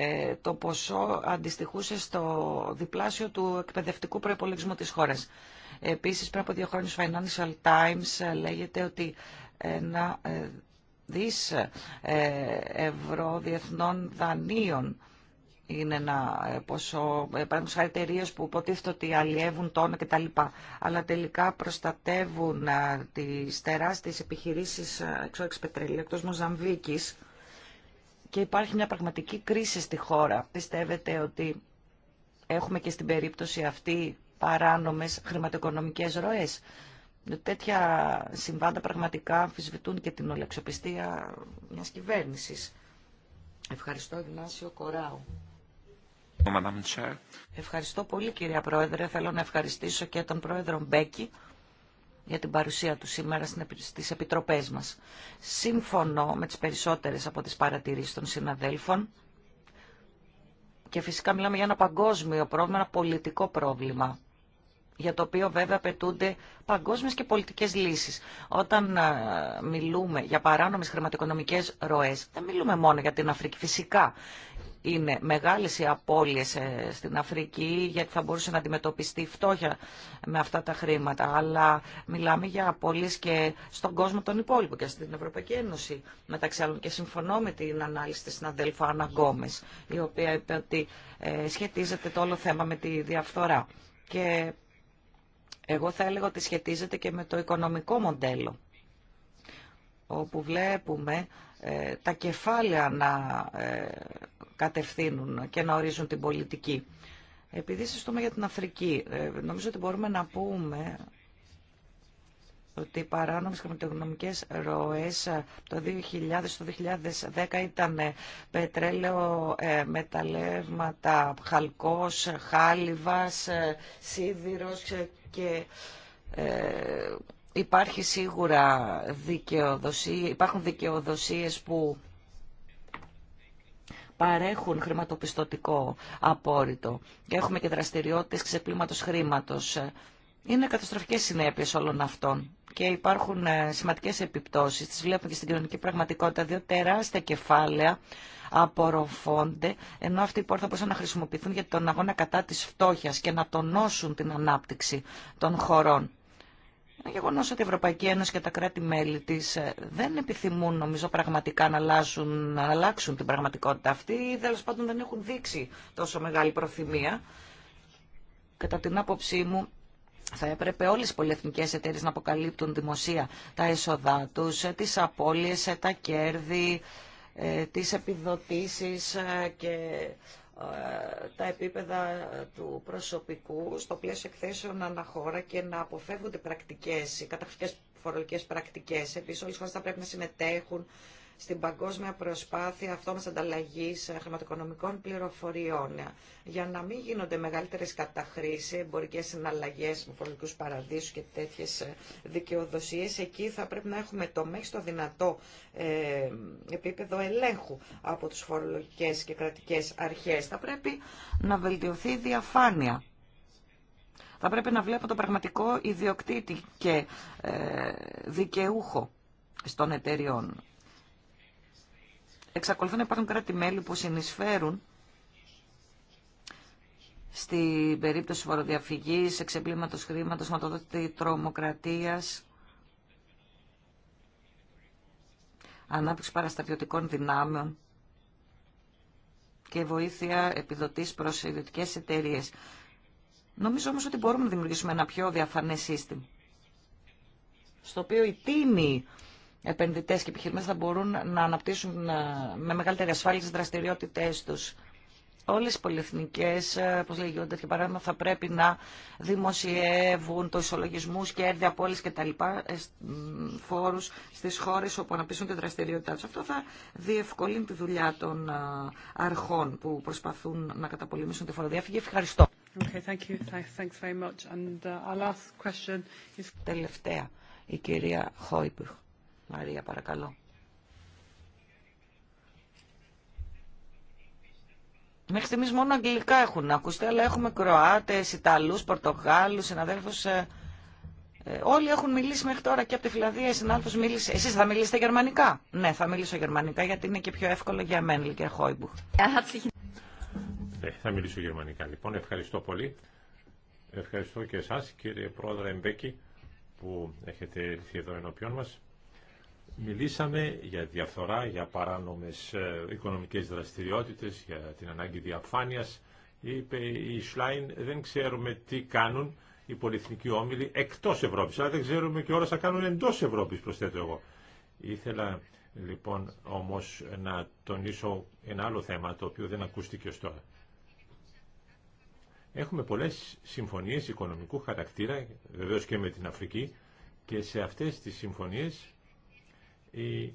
ε, το ποσό αντιστοιχούσε στο διπλάσιο του εκπαιδευτικού προϋπολογισμού της χώρας. Επίσης, πριν από δύο χρόνια στο Financial Times λέγεται ότι ένα ε, δις ε, ευρώ διεθνών δανείων είναι ένα ποσό, παραδείγματος χάρη εταιρείε που υποτίθεται ότι αλλιεύουν τόνο κτλ. Αλλά τελικά προστατεύουν τις τεράστιες επιχειρήσεις εξόριξη πετρελαίου εκτός Μοζαμβίκης και υπάρχει μια πραγματική κρίση στη χώρα. Πιστεύετε ότι έχουμε και στην περίπτωση αυτή παράνομες χρηματοοικονομικές ροές. Τέτοια συμβάντα πραγματικά αμφισβητούν και την ολεξοπιστία μιας κυβέρνησης. Ευχαριστώ, Ιγνάσιο Κοράου. Ευχαριστώ πολύ, κυρία Πρόεδρε. Θέλω να ευχαριστήσω και τον Πρόεδρο Μπέκη για την παρουσία του σήμερα στις επιτροπές μας. Σύμφωνο με τις περισσότερες από τις παρατηρήσεις των συναδέλφων και φυσικά μιλάμε για ένα παγκόσμιο πρόβλημα, ένα πολιτικό πρόβλημα για το οποίο βέβαια απαιτούνται παγκόσμιες και πολιτικές λύσεις. Όταν ε, μιλούμε για παράνομες χρηματοοικονομικές ροές, δεν μιλούμε μόνο για την Αφρική. Φυσικά είναι μεγάλες οι απώλειες ε, στην Αφρική, γιατί θα μπορούσε να αντιμετωπιστεί η φτώχεια με αυτά τα χρήματα. Αλλά μιλάμε για απώλειες και στον κόσμο τον υπόλοιπο και στην Ευρωπαϊκή Ένωση. Μεταξύ άλλων και συμφωνώ με την ανάλυση της συναδέλφου Άννα Γκόμες, η οποία είπε ότι ε, σχετίζεται το όλο θέμα με τη διαφθορά. Και εγώ θα έλεγα ότι σχετίζεται και με το οικονομικό μοντέλο, όπου βλέπουμε ε, τα κεφάλαια να ε, κατευθύνουν και να ορίζουν την πολιτική. Επειδή συζητούμε για την Αφρική, ε, νομίζω ότι μπορούμε να πούμε ότι οι παράνομες χρηματοοικονομικές ροές το 2000 στο 2010 ήταν πετρέλαιο, μεταλλεύματα, χαλκός, χάλιβας, σίδηρος και ε, υπάρχει σίγουρα δικαιοδοσία, υπάρχουν δικαιοδοσίες που παρέχουν χρηματοπιστωτικό απόρριτο και έχουμε και δραστηριότητες ξεπλήματος χρήματος. Ε, είναι καταστροφικές συνέπειες όλων αυτών και υπάρχουν ε, σημαντικές επιπτώσεις. Τις βλέπουμε και στην κοινωνική πραγματικότητα, δύο τεράστια κεφάλαια απορροφώνται, ενώ αυτοί οι πόροι μπορούσαν να χρησιμοποιηθούν για τον αγώνα κατά της φτώχειας και να τονώσουν την ανάπτυξη των χωρών. Είναι γεγονό ότι η Ευρωπαϊκή Ένωση και τα κράτη-μέλη τη ε, δεν επιθυμούν, νομίζω, πραγματικά να αλλάξουν, να αλλάξουν την πραγματικότητα αυτή ή τέλο πάντων δεν έχουν δείξει τόσο μεγάλη προθυμία. Κατά την άποψή μου, θα έπρεπε όλες οι πολυεθνικές εταιρείες να αποκαλύπτουν δημοσία τα έσοδά τους, τις απώλειες, τα κέρδη, ε, τις επιδοτήσεις ε, και ε, τα επίπεδα του προσωπικού στο πλαίσιο εκθέσεων αναχώρα και να αποφεύγονται πρακτικές, καταχρηστικές φορολογικές πρακτικές. Επίσης, όλες οι χώρες θα πρέπει να συμμετέχουν στην παγκόσμια προσπάθεια αυτόμας ανταλλαγής ε, χρηματοοικονομικών πληροφοριών για να μην γίνονται μεγαλύτερες καταχρήσεις, εμπορικές συναλλαγές με πολιτικούς παραδείσους και τέτοιες ε, δικαιοδοσίες. Εκεί θα πρέπει να έχουμε το μέγιστο δυνατό ε, επίπεδο ελέγχου από τους φορολογικές και κρατικές αρχές. Θα πρέπει να βελτιωθεί η διαφάνεια. Θα πρέπει να βλέπω το πραγματικό ιδιοκτήτη και δικαιούχο των εταιριών εξακολουθούν να υπάρχουν κράτη-μέλη που συνεισφέρουν στην περίπτωση φοροδιαφυγής, εξεπλήματος χρήματος, σηματοδότη τρομοκρατίας, ανάπτυξη παραστατιωτικών δυνάμεων και βοήθεια επιδοτής προς ιδιωτικές εταιρείες. Νομίζω όμως ότι μπορούμε να δημιουργήσουμε ένα πιο διαφανές σύστημα, στο οποίο η τίνη επενδυτέ και επιχειρηματίες θα μπορούν να αναπτύσσουν ε, με μεγαλύτερη ασφάλεια τι δραστηριότητε του. Όλε οι πολυεθνικέ, όπω ε, λέγει για παράδειγμα, θα πρέπει να δημοσιεύουν το ισολογισμού, κέρδη από όλε και τα λοιπά, ε, φόρους όπου αναπτύσσουν τη δραστηριότητά του. Αυτό θα διευκολύνει τη δουλειά των αρχών που προσπαθούν να καταπολεμήσουν τη φοροδιαφυγή. Ευχαριστώ. Okay, thank you. Thanks very much. And uh, our last question is... Τελευταία, η κυρία Χόιμπουρ. Μαρία, παρακαλώ. Μέχρι στιγμής μόνο αγγλικά έχουν ακούσει, αλλά έχουμε Κροάτες, Ιταλούς, Πορτογάλους, συναδέλφους. Ε, ε, όλοι έχουν μιλήσει μέχρι τώρα και από τη Φιλανδία. Συνάδελφος μίλησε. Εσείς θα μιλήσετε γερμανικά. Ναι, θα μιλήσω γερμανικά γιατί είναι και πιο εύκολο για μένα, και χόιμπου. Ε, θα μιλήσω γερμανικά. Λοιπόν, ευχαριστώ πολύ. Ευχαριστώ και εσάς, κύριε Πρόεδρε Εμπέκη, που έχετε έρθει εδώ ενώπιόν μας. Μιλήσαμε για διαφθορά, για παράνομες ε, οικονομικές δραστηριότητες, για την ανάγκη διαφάνειας. Είπε η Σλάιν, δεν ξέρουμε τι κάνουν οι πολυεθνικοί όμιλοι εκτός Ευρώπης, αλλά δεν ξέρουμε και όλα θα κάνουν εντός Ευρώπης, προσθέτω εγώ. Ήθελα λοιπόν όμως να τονίσω ένα άλλο θέμα, το οποίο δεν ακούστηκε ως τώρα. Έχουμε πολλές συμφωνίες οικονομικού χαρακτήρα, βεβαίως και με την Αφρική, και σε αυτές τις συμφωνίες η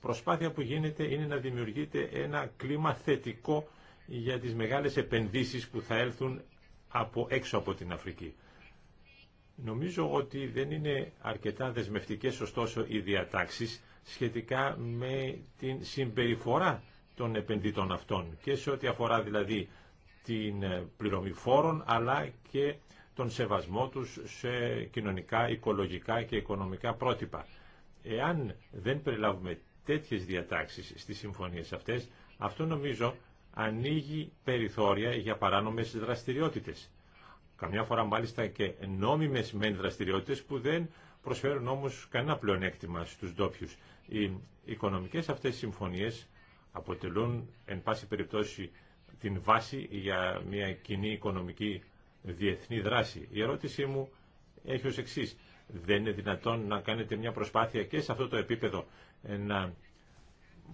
προσπάθεια που γίνεται είναι να δημιουργείται ένα κλίμα θετικό για τις μεγάλες επενδύσεις που θα έλθουν από έξω από την Αφρική. Νομίζω ότι δεν είναι αρκετά δεσμευτικές ωστόσο οι διατάξεις σχετικά με την συμπεριφορά των επενδυτών αυτών και σε ό,τι αφορά δηλαδή την πληρωμή φόρων αλλά και τον σεβασμό τους σε κοινωνικά, οικολογικά και οικονομικά πρότυπα. Εάν δεν περιλάβουμε τέτοιες διατάξεις στις συμφωνίες αυτές, αυτό νομίζω ανοίγει περιθώρια για παράνομες δραστηριότητες. Καμιά φορά μάλιστα και νόμιμες μεν δραστηριότητες που δεν προσφέρουν όμως κανένα πλεονέκτημα στους ντόπιου. Οι οικονομικές αυτές συμφωνίες αποτελούν εν πάση περιπτώσει την βάση για μια κοινή οικονομική διεθνή δράση. Η ερώτησή μου έχει ως εξής. Δεν είναι δυνατόν να κάνετε μια προσπάθεια και σε αυτό το επίπεδο ε, να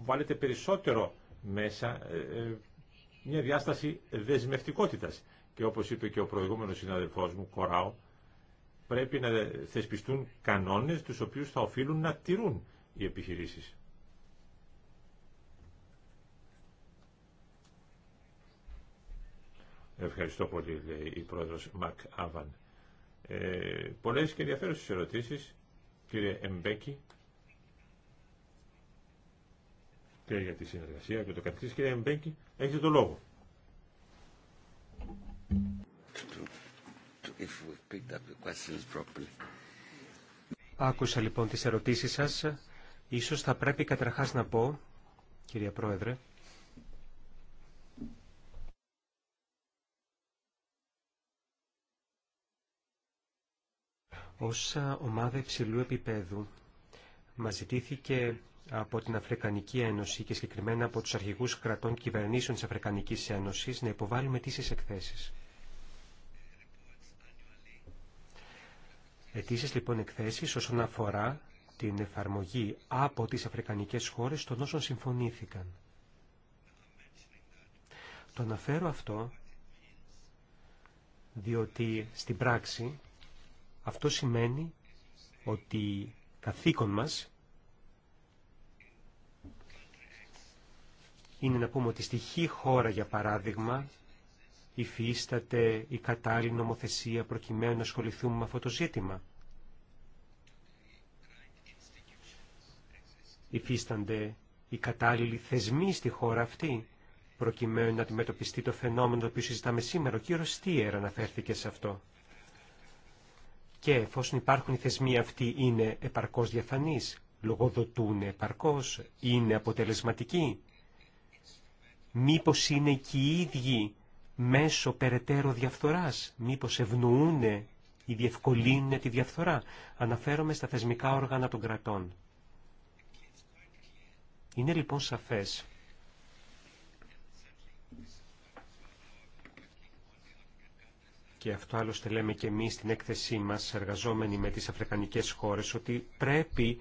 βάλετε περισσότερο μέσα ε, ε, μια διάσταση δεσμευτικότητας. Και όπως είπε και ο προηγούμενος συναδελφός μου, Κοράου, πρέπει να θεσπιστούν κανόνες τους οποίους θα οφείλουν να τηρούν οι επιχειρήσεις. Ευχαριστώ πολύ, λέει η πρόεδρος Μακ Άβαν ε, πολλές και ενδιαφέρουσες ερωτήσεις, κύριε Εμπέκη, και για τη συνεργασία και το καθεξής. Κύριε Εμπέκη, έχετε το λόγο. Άκουσα λοιπόν τις ερωτήσεις σας. Ίσως θα πρέπει καταρχάς να πω, κυρία Πρόεδρε, Ως ομάδα υψηλού επίπεδου μας ζητήθηκε από την Αφρικανική Ένωση και συγκεκριμένα από τους αρχηγούς κρατών κυβερνήσεων της Αφρικανικής Ένωσης να υποβάλουμε τις εκθέσεις. Ετήσεις λοιπόν εκθέσεις όσον αφορά την εφαρμογή από τις αφρικανικές χώρες των όσων συμφωνήθηκαν. Το αναφέρω αυτό διότι στην πράξη αυτό σημαίνει ότι καθήκον μας είναι να πούμε ότι στη χή χώρα, για παράδειγμα, υφίσταται η κατάλληλη νομοθεσία προκειμένου να ασχοληθούμε με αυτό το ζήτημα. Υφίστανται οι κατάλληλοι θεσμοί στη χώρα αυτή προκειμένου να αντιμετωπιστεί το φαινόμενο το οποίο συζητάμε σήμερα. Ο κύριος Στίερ αναφέρθηκε σε αυτό και εφόσον υπάρχουν οι θεσμοί αυτοί είναι επαρκώς διαφανείς, λογοδοτούν επαρκώς, είναι αποτελεσματικοί. Μήπως είναι και οι ίδιοι μέσω περαιτέρω διαφθοράς, μήπως ευνοούν ή διευκολύνουν τη διαφθορά. Αναφέρομαι στα θεσμικά όργανα των κρατών. Είναι λοιπόν σαφές και αυτό άλλωστε λέμε και εμείς στην έκθεσή μας, εργαζόμενοι με τις αφρικανικές χώρες, ότι πρέπει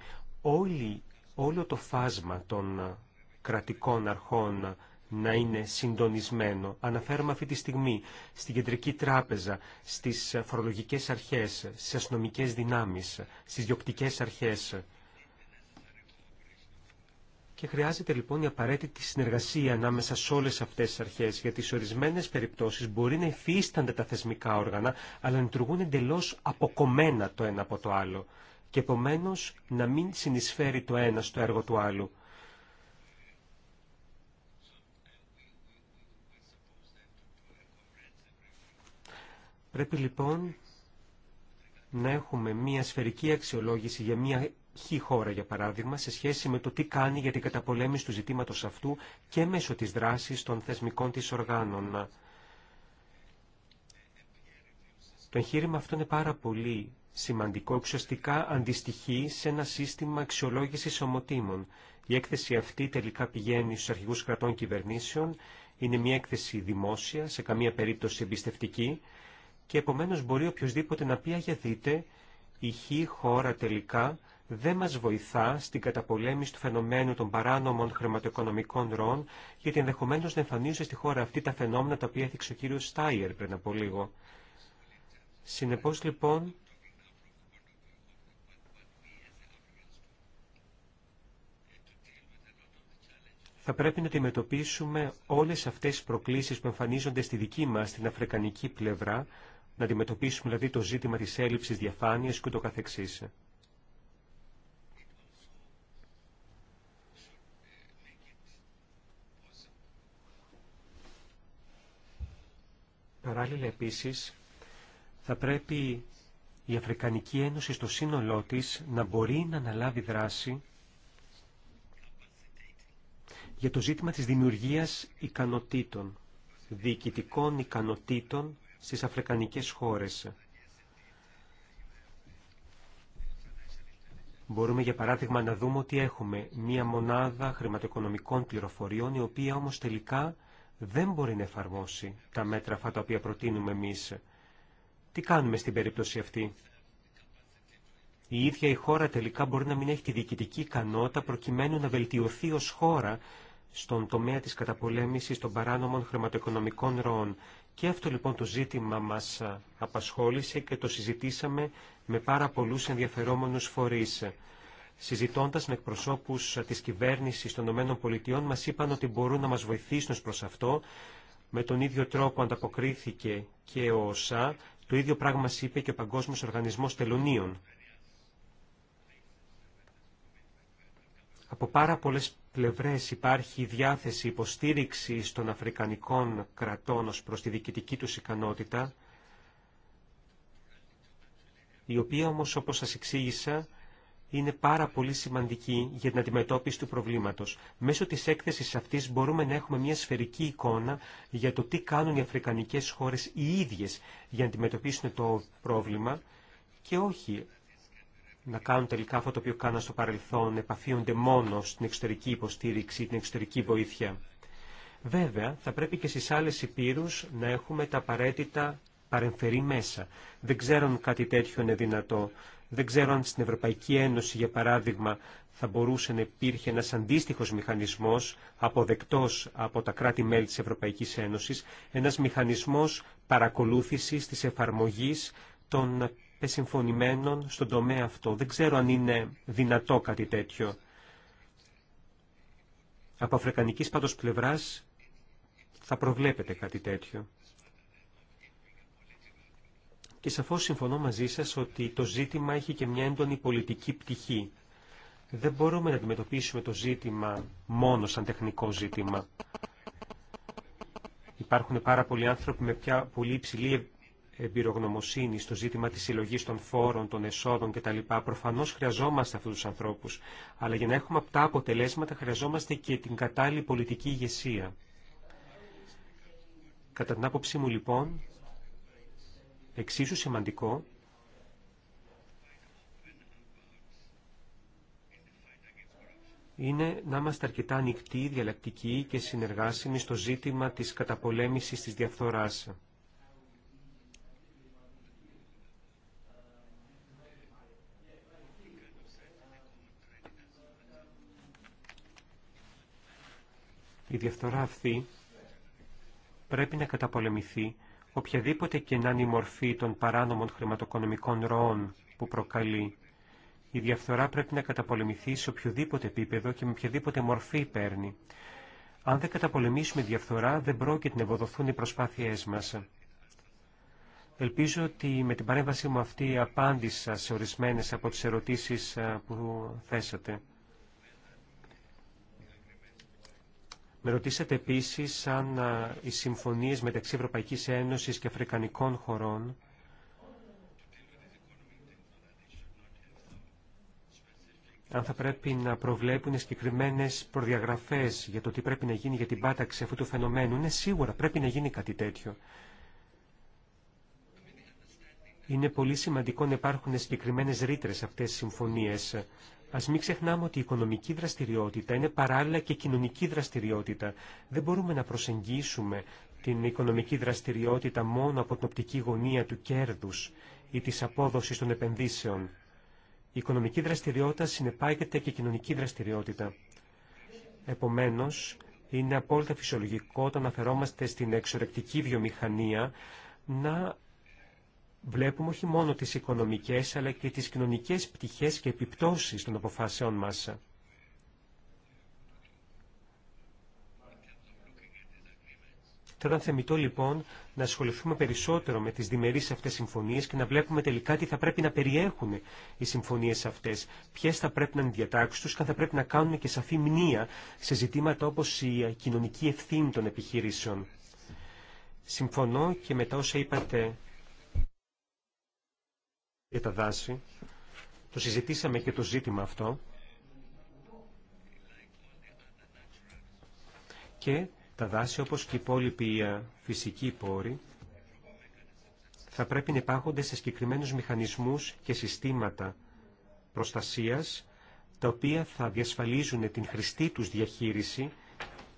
όλο το φάσμα των κρατικών αρχών να είναι συντονισμένο. Αναφέρομαι αυτή τη στιγμή στην Κεντρική Τράπεζα, στις φορολογικές αρχές, στις αστυνομικέ δυνάμεις, στις διοκτικές αρχές, και χρειάζεται λοιπόν η απαραίτητη συνεργασία ανάμεσα σε όλε αυτέ τι αρχέ, γιατί σε ορισμένε περιπτώσει μπορεί να υφίστανται τα θεσμικά όργανα, αλλά λειτουργούν εντελώ αποκομμένα το ένα από το άλλο. Και επομένω να μην συνεισφέρει το ένα στο έργο του άλλου. Πρέπει λοιπόν να έχουμε μία σφαιρική αξιολόγηση για μία Χ χώρα, για παράδειγμα, σε σχέση με το τι κάνει για την καταπολέμηση του ζητήματος αυτού και μέσω της δράσης των θεσμικών της οργάνων. Το εγχείρημα αυτό είναι πάρα πολύ σημαντικό, ουσιαστικά αντιστοιχεί σε ένα σύστημα αξιολόγηση ομοτήμων. Η έκθεση αυτή τελικά πηγαίνει στους αρχηγούς κρατών κυβερνήσεων, είναι μια έκθεση δημόσια, σε καμία περίπτωση εμπιστευτική και επομένως μπορεί οποιοδήποτε να πει «Αγια η χή χώρα τελικά δεν μας βοηθά στην καταπολέμηση του φαινομένου των παράνομων χρηματοοικονομικών ροών, γιατί ενδεχομένω να εμφανίζονται στη χώρα αυτή τα φαινόμενα τα οποία έθιξε ο κύριο Στάιερ πριν από λίγο. Συνεπώς λοιπόν, θα πρέπει να αντιμετωπίσουμε όλες αυτές τις προκλήσεις που εμφανίζονται στη δική μας, στην αφρικανική πλευρά, να αντιμετωπίσουμε δηλαδή το ζήτημα της έλλειψης διαφάνειας και το Παράλληλα επίσης, θα πρέπει η Αφρικανική Ένωση στο σύνολό της να μπορεί να αναλάβει δράση για το ζήτημα της δημιουργίας ικανοτήτων, διοικητικών ικανοτήτων στις αφρικανικές χώρες. Μπορούμε για παράδειγμα να δούμε ότι έχουμε μία μονάδα χρηματοοικονομικών πληροφοριών, η οποία όμως τελικά δεν μπορεί να εφαρμόσει τα μέτρα αυτά τα οποία προτείνουμε εμείς. Τι κάνουμε στην περίπτωση αυτή. Η ίδια η χώρα τελικά μπορεί να μην έχει τη διοικητική ικανότητα προκειμένου να βελτιωθεί ως χώρα στον τομέα της καταπολέμησης των παράνομων χρηματοοικονομικών ροών. Και αυτό λοιπόν το ζήτημα μας απασχόλησε και το συζητήσαμε με πάρα πολλούς ενδιαφερόμενους φορείς συζητώντα με εκπροσώπου τη κυβέρνηση των ΗΠΑ, μα είπαν ότι μπορούν να μα βοηθήσουν προ αυτό. Με τον ίδιο τρόπο ανταποκρίθηκε και ο ΩΣΑ. Το ίδιο πράγμα μας είπε και ο Παγκόσμιος Οργανισμός Τελωνίων. Από πάρα πολλές πλευρές υπάρχει διάθεση υποστήριξη των Αφρικανικών κρατών ως προς τη διοικητική τους ικανότητα, η οποία όμως όπως σας εξήγησα είναι πάρα πολύ σημαντική για την αντιμετώπιση του προβλήματος. Μέσω της έκθεσης αυτής μπορούμε να έχουμε μια σφαιρική εικόνα για το τι κάνουν οι αφρικανικές χώρες οι ίδιες για να αντιμετωπίσουν το πρόβλημα και όχι να κάνουν τελικά αυτό το οποίο κάναν στο παρελθόν, επαφίονται μόνο στην εξωτερική υποστήριξη, την εξωτερική βοήθεια. Βέβαια, θα πρέπει και στις άλλες υπήρους να έχουμε τα απαραίτητα παρεμφερή μέσα. Δεν ξέρουν κάτι τέτοιο είναι δυνατό. Δεν ξέρω αν στην Ευρωπαϊκή Ένωση, για παράδειγμα, θα μπορούσε να υπήρχε ένας αντίστοιχος μηχανισμός αποδεκτός από τα κράτη-μέλη της Ευρωπαϊκής Ένωσης, ένας μηχανισμός παρακολούθησης της εφαρμογής των πεσυμφωνημένων στον τομέα αυτό. Δεν ξέρω αν είναι δυνατό κάτι τέτοιο. Από αφρικανικής πάντως πλευράς θα προβλέπετε κάτι τέτοιο και σαφώς συμφωνώ μαζί σας ότι το ζήτημα έχει και μια έντονη πολιτική πτυχή. Δεν μπορούμε να αντιμετωπίσουμε το ζήτημα μόνο σαν τεχνικό ζήτημα. Υπάρχουν πάρα πολλοί άνθρωποι με πια πολύ υψηλή ε, εμπειρογνωμοσύνη στο ζήτημα της συλλογή των φόρων, των εσόδων κτλ. Προφανώς χρειαζόμαστε αυτούς τους ανθρώπους, αλλά για να έχουμε αυτά αποτελέσματα χρειαζόμαστε και την κατάλληλη πολιτική ηγεσία. Κατά την άποψή μου λοιπόν, Εξίσου σημαντικό είναι να είμαστε αρκετά ανοιχτοί, διαλλακτικοί και συνεργάσιμοι στο ζήτημα της καταπολέμησης της διαφθοράς. Η διαφθορά αυτή πρέπει να καταπολεμηθεί οποιαδήποτε η μορφή των παράνομων χρηματοοικονομικών ροών που προκαλεί. Η διαφθορά πρέπει να καταπολεμηθεί σε οποιοδήποτε επίπεδο και με οποιαδήποτε μορφή παίρνει. Αν δεν καταπολεμήσουμε διαφθορά, δεν πρόκειται να ευοδοθούν οι προσπάθειές μας. Ελπίζω ότι με την παρέμβασή μου αυτή απάντησα σε ορισμένες από τις ερωτήσεις που θέσατε. Με ρωτήσατε επίσης αν οι συμφωνίες μεταξύ Ευρωπαϊκής Ένωσης και Αφρικανικών χωρών αν θα πρέπει να προβλέπουν συγκεκριμένε προδιαγραφές για το τι πρέπει να γίνει για την πάταξη αυτού του φαινομένου. είναι σίγουρα πρέπει να γίνει κάτι τέτοιο. Είναι πολύ σημαντικό να υπάρχουν συγκεκριμένε ρήτρε αυτέ τι συμφωνίες. Ας μην ξεχνάμε ότι η οικονομική δραστηριότητα είναι παράλληλα και κοινωνική δραστηριότητα. Δεν μπορούμε να προσεγγίσουμε την οικονομική δραστηριότητα μόνο από την οπτική γωνία του κέρδους ή της απόδοσης των επενδύσεων. Η οικονομική δραστηριότητα συνεπάγεται και κοινωνική δραστηριότητα. Επομένως, είναι απόλυτα φυσιολογικό όταν αναφερόμαστε στην εξορεκτική βιομηχανία να βλέπουμε όχι μόνο τις οικονομικές αλλά και τις κοινωνικές πτυχές και επιπτώσεις των αποφάσεών μας. Θα ήταν θεμητό λοιπόν να ασχοληθούμε περισσότερο με τις διμερείς αυτές συμφωνίες και να βλέπουμε τελικά τι θα πρέπει να περιέχουν οι συμφωνίες αυτές, ποιες θα πρέπει να είναι διατάξεις τους και αν θα πρέπει να κάνουν και σαφή μνήα σε ζητήματα όπως η κοινωνική ευθύνη των επιχειρήσεων. Συμφωνώ και μετά όσα είπατε για τα δάση. Το συζητήσαμε και το ζήτημα αυτό. Και τα δάση, όπως και οι υπόλοιποι ε, φυσικοί πόροι, θα πρέπει να υπάρχονται σε συγκεκριμένους μηχανισμούς και συστήματα προστασίας, τα οποία θα διασφαλίζουν την χρηστή τους διαχείριση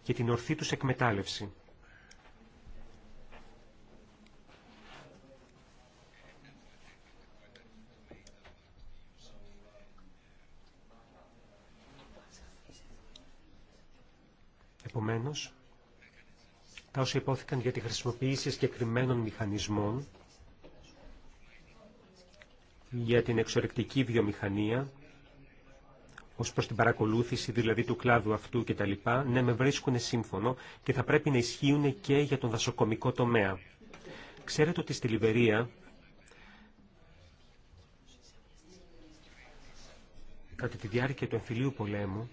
και την ορθή τους εκμετάλλευση. Επομένω, τα όσα υπόθηκαν για τη χρησιμοποίηση συγκεκριμένων μηχανισμών για την εξωρεκτική βιομηχανία ως προς την παρακολούθηση δηλαδή του κλάδου αυτού κτλ. Ναι, με βρίσκουν σύμφωνο και θα πρέπει να ισχύουν και για τον δασοκομικό τομέα. Ξέρετε ότι στη Λιβερία κατά τη διάρκεια του εμφυλίου πολέμου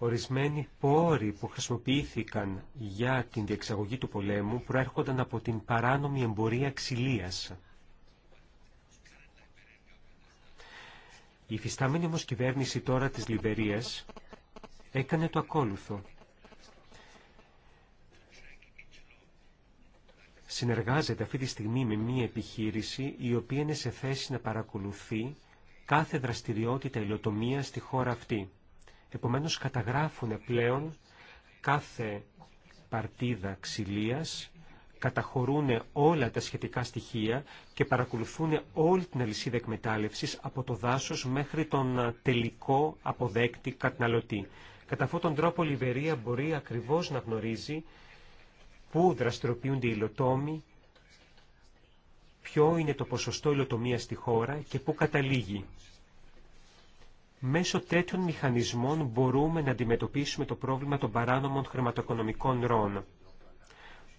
Ορισμένοι πόροι που χρησιμοποιήθηκαν για την διεξαγωγή του πολέμου προέρχονταν από την παράνομη εμπορία ξυλίας. Η φυστάμενη όμως κυβέρνηση τώρα της Λιβερίας έκανε το ακόλουθο. Συνεργάζεται αυτή τη στιγμή με μία επιχείρηση η οποία είναι σε θέση να παρακολουθεί κάθε δραστηριότητα υλοτομία στη χώρα αυτή. Επομένως καταγράφουν πλέον κάθε παρτίδα ξυλίας, καταχωρούν όλα τα σχετικά στοιχεία και παρακολουθούν όλη την αλυσίδα εκμετάλλευσης από το δάσος μέχρι τον ε, τελικό αποδέκτη καταναλωτή. Κατά αυτόν τον τρόπο η Λιβερία μπορεί ακριβώς να γνωρίζει πού δραστηριοποιούνται οι υλοτόμοι, ποιο είναι το ποσοστό υλοτομίας στη χώρα και πού καταλήγει. Μέσω τέτοιων μηχανισμών μπορούμε να αντιμετωπίσουμε το πρόβλημα των παράνομων χρηματοοικονομικών ροών.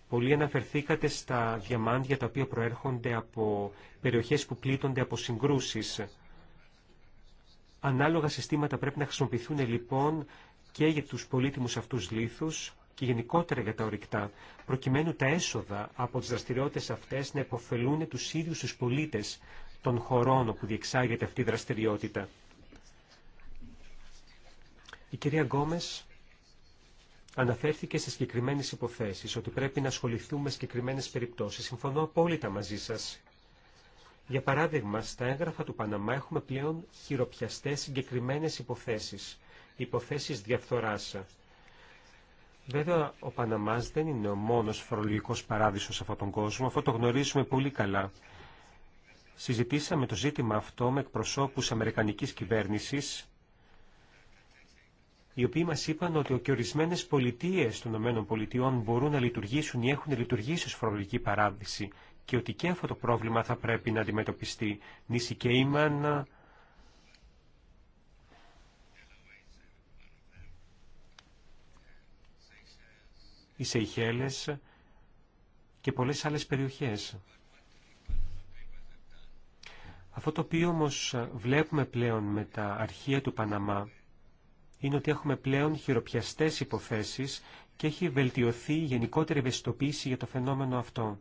Πολλοί αναφερθήκατε στα διαμάντια τα οποία προέρχονται από περιοχές που πλήττονται από συγκρούσεις. Ανάλογα συστήματα πρέπει να χρησιμοποιηθούν λοιπόν και για τους πολύτιμους αυτούς λίθους και γενικότερα για τα ορυκτά, προκειμένου τα έσοδα από τις δραστηριότητες αυτές να υποφελούν τους ίδιους τους πολίτες των χωρών όπου διεξάγεται αυτή η δραστηριότητα. Η κυρία Γκόμες αναφέρθηκε σε συγκεκριμένε υποθέσεις, ότι πρέπει να ασχοληθούμε με συγκεκριμένε περιπτώσεις. Συμφωνώ απόλυτα μαζί σας. Για παράδειγμα, στα έγγραφα του Παναμά έχουμε πλέον χειροπιαστές συγκεκριμένε υποθέσεις, υποθέσεις διαφθοράς. Βέβαια, ο Παναμάς δεν είναι ο μόνος φορολογικός παράδεισος σε αυτόν τον κόσμο, αυτό το γνωρίζουμε πολύ καλά. Συζητήσαμε το ζήτημα αυτό με εκπροσώπους Αμερικανικής κυβέρνησης οι οποίοι μας είπαν ότι και ορισμένε πολιτείες των ΗΠΑ μπορούν να λειτουργήσουν ή έχουν λειτουργήσει ως φορολογική παράδειση και ότι και αυτό το πρόβλημα θα πρέπει να αντιμετωπιστεί. Νίση Κέιμαν, οι Σεϊχέλες και πολλές άλλες περιοχές. Αυτό το οποίο όμως βλέπουμε πλέον με τα αρχεία του Παναμά είναι ότι έχουμε πλέον χειροπιαστές υποθέσεις και έχει βελτιωθεί η γενικότερη ευαισθητοποίηση για το φαινόμενο αυτό.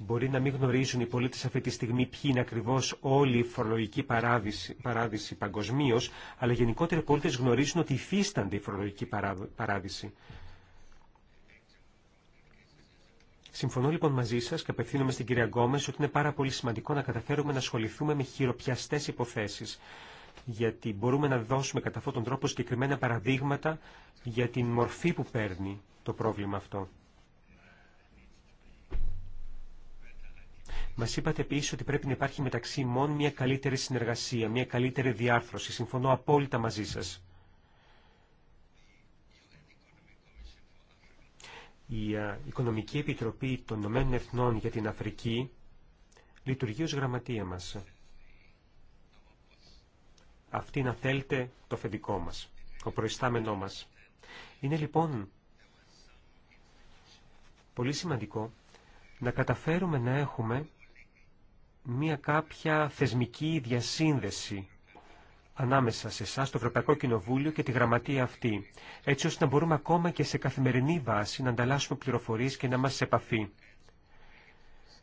Μπορεί να μην γνωρίζουν οι πολίτες αυτή τη στιγμή ποιοι είναι ακριβώς όλοι οι φορολογικοί παράδεισοι, παράδειση παγκοσμίω, αλλά γενικότερα οι πολίτες γνωρίζουν ότι υφίστανται η φορολογική παράδεισοι. Συμφωνώ λοιπόν μαζί σα και απευθύνομαι στην κυρία Γκόμε ότι είναι πάρα πολύ σημαντικό να καταφέρουμε να ασχοληθούμε με χειροπιαστέ υποθέσει. Γιατί μπορούμε να δώσουμε κατά αυτόν τον τρόπο συγκεκριμένα παραδείγματα για την μορφή που παίρνει το πρόβλημα αυτό. Μα είπατε επίση ότι πρέπει να υπάρχει μεταξύ μόνο μια καλύτερη συνεργασία, μια καλύτερη διάρθρωση. Συμφωνώ απόλυτα μαζί σα. Η Οικονομική Επιτροπή των Ηνωμένων Εθνών για την Αφρική λειτουργεί ως γραμματεία μας. Αυτή, να θέλετε, το φεδικό μας, ο προϊστάμενό μας. Είναι λοιπόν πολύ σημαντικό να καταφέρουμε να έχουμε μία κάποια θεσμική διασύνδεση ανάμεσα σε εσά, το Ευρωπαϊκό Κοινοβούλιο και τη γραμματεία αυτή, έτσι ώστε να μπορούμε ακόμα και σε καθημερινή βάση να ανταλλάσσουμε πληροφορίε και να είμαστε σε επαφή.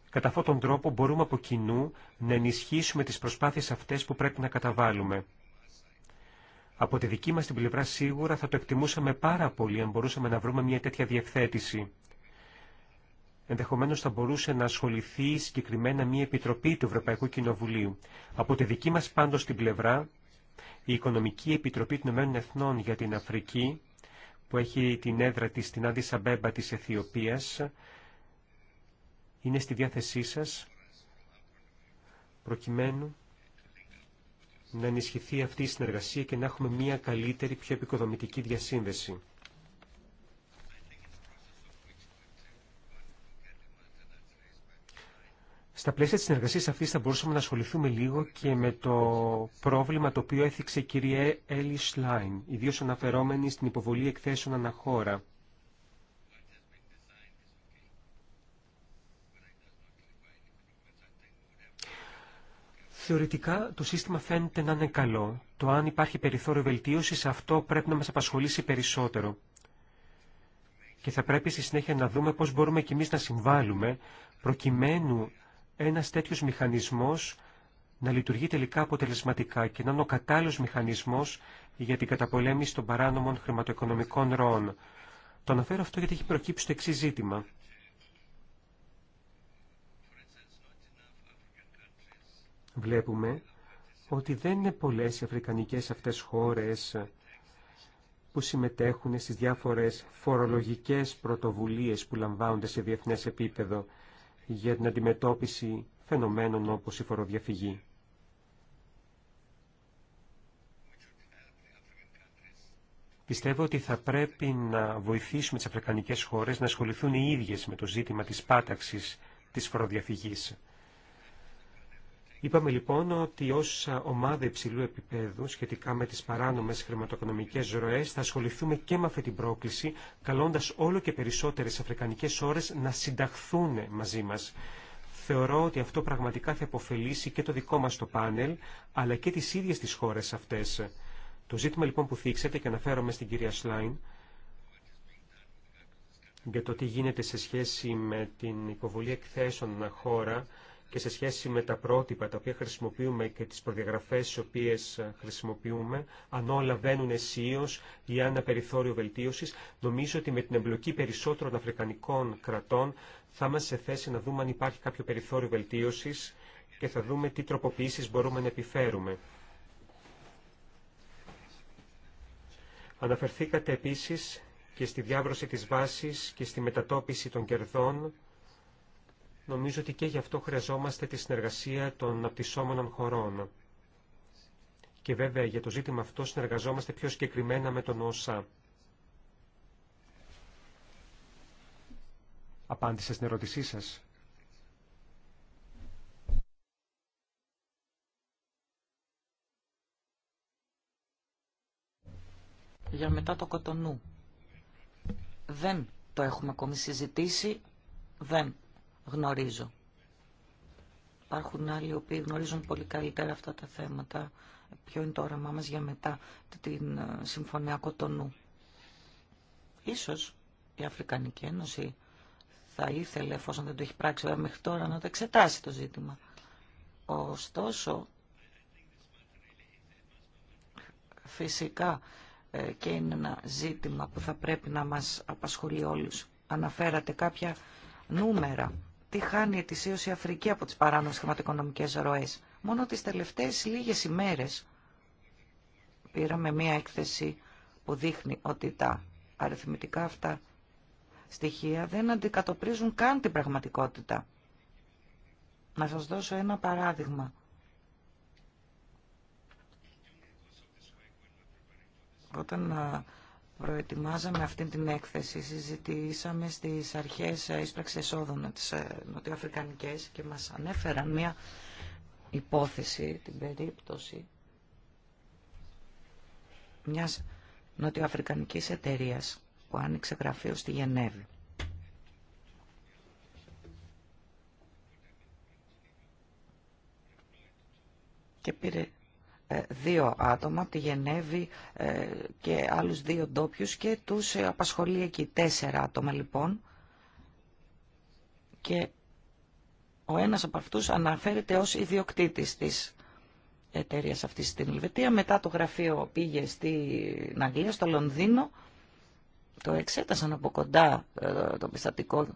Κατά αυτόν τον τρόπο μπορούμε από κοινού να ενισχύσουμε τι προσπάθειες αυτέ που πρέπει να καταβάλουμε. Από τη δική μα την πλευρά σίγουρα θα το εκτιμούσαμε πάρα πολύ αν μπορούσαμε να βρούμε μια τέτοια διευθέτηση. Ενδεχομένως θα μπορούσε να ασχοληθεί συγκεκριμένα μια επιτροπή του Ευρωπαϊκού Κοινοβουλίου. Από τη δική μα πάντω την πλευρά η Οικονομική Επιτροπή των Ηνωμένων Εθνών για την Αφρική, που έχει την έδρα της στην Αντίσα Σαμπέμπα της Αιθιοπίας, είναι στη διάθεσή σας προκειμένου να ενισχυθεί αυτή η συνεργασία και να έχουμε μια καλύτερη, πιο επικοδομητική διασύνδεση. Στα πλαίσια της συνεργασίας αυτής θα μπορούσαμε να ασχοληθούμε λίγο και με το πρόβλημα το οποίο έθιξε η κυρία Έλλη Σλάιν, ιδίως αναφερόμενη στην υποβολή εκθέσεων αναχώρα. Θεωρητικά το σύστημα φαίνεται να είναι καλό. Το αν υπάρχει περιθώριο βελτίωσης αυτό πρέπει να μας απασχολήσει περισσότερο. Και θα πρέπει στη συνέχεια να δούμε πώς μπορούμε κι εμείς να συμβάλλουμε προκειμένου ένας τέτοιος μηχανισμός να λειτουργεί τελικά αποτελεσματικά και να είναι ο κατάλληλος μηχανισμός για την καταπολέμηση των παράνομων χρηματοοικονομικών ροών. Το αναφέρω αυτό γιατί έχει προκύψει το εξή ζήτημα. Βλέπουμε ότι δεν είναι πολλές οι αφρικανικές αυτές χώρες που συμμετέχουν στις διάφορες φορολογικές πρωτοβουλίες που λαμβάνονται σε διεθνές επίπεδο για την αντιμετώπιση φαινομένων όπως η φοροδιαφυγή. Πιστεύω ότι θα πρέπει να βοηθήσουμε τις αφρικανικές χώρες να ασχοληθούν οι ίδιες με το ζήτημα της πάταξης της φοροδιαφυγής. Είπαμε λοιπόν ότι ω ομάδα υψηλού επίπεδου σχετικά με τι παράνομε χρηματοοικονομικές ροές θα ασχοληθούμε και με αυτή την πρόκληση, καλώντα όλο και περισσότερε αφρικανικέ ώρε να συνταχθούν μαζί μα. Θεωρώ ότι αυτό πραγματικά θα αποφελήσει και το δικό μα το πάνελ, αλλά και τι ίδιε τι χώρε αυτέ. Το ζήτημα λοιπόν που θίξετε και αναφέρομαι στην κυρία Σλάιν, για το τι γίνεται σε σχέση με την υποβολή εκθέσεων χώρα, και σε σχέση με τα πρότυπα τα οποία χρησιμοποιούμε και τις προδιαγραφές τις οποίες χρησιμοποιούμε, αν όλα βαίνουν αισίως ή αν ένα περιθώριο βελτίωσης, νομίζω ότι με την εμπλοκή περισσότερων αφρικανικών κρατών θα είμαστε σε θέση να δούμε αν υπάρχει κάποιο περιθώριο βελτίωσης και θα δούμε τι τροποποιήσεις μπορούμε να επιφέρουμε. Αναφερθήκατε επίσης και στη διάβρωση της βάσης και στη μετατόπιση των κερδών Νομίζω ότι και γι' αυτό χρειαζόμαστε τη συνεργασία των απτυσσόμενων χωρών. Και βέβαια για το ζήτημα αυτό συνεργαζόμαστε πιο συγκεκριμένα με τον ΩΣΑ. Απάντησες στην ερώτησή σας. Για μετά το κοτονού. Δεν το έχουμε ακόμη συζητήσει, δεν γνωρίζω. Υπάρχουν άλλοι οι οποίοι γνωρίζουν πολύ καλύτερα αυτά τα θέματα. Ποιο είναι το όραμά μας για μετά την ε, Συμφωνία Κοτονού. Ίσως η Αφρικανική Ένωση θα ήθελε, εφόσον δεν το έχει πράξει βέβαια μέχρι τώρα, να το εξετάσει το ζήτημα. Ωστόσο, φυσικά ε, και είναι ένα ζήτημα που θα πρέπει να μας απασχολεί όλους. Αναφέρατε κάποια νούμερα τι χάνει ετησίως η Αφρική από τις παράνομες χρηματοοικονομικές ροές. Μόνο τις τελευταίες λίγες ημέρες πήραμε μία έκθεση που δείχνει ότι τα αριθμητικά αυτά στοιχεία δεν αντικατοπρίζουν καν την πραγματικότητα. Να σας δώσω ένα παράδειγμα. Όταν προετοιμάζαμε αυτή την έκθεση, συζητήσαμε στις αρχές ίσπραξη εσόδων τις ε, νοτιοαφρικανικές και μας ανέφεραν μια υπόθεση, την περίπτωση μιας νοτιοαφρικανικής εταιρείας που άνοιξε γραφείο στη Γενέβη. Και πήρε ε, δύο άτομα από τη Γενέβη ε, και άλλους δύο ντόπιου και τους ε, απασχολεί εκεί τέσσερα άτομα λοιπόν. Και ο ένας από αυτούς αναφέρεται ως ιδιοκτήτης της εταιρείας αυτής στην Ελβετία. Μετά το γραφείο πήγε στην Αγγλία, στο Λονδίνο. Το εξέτασαν από κοντά το πιστατικό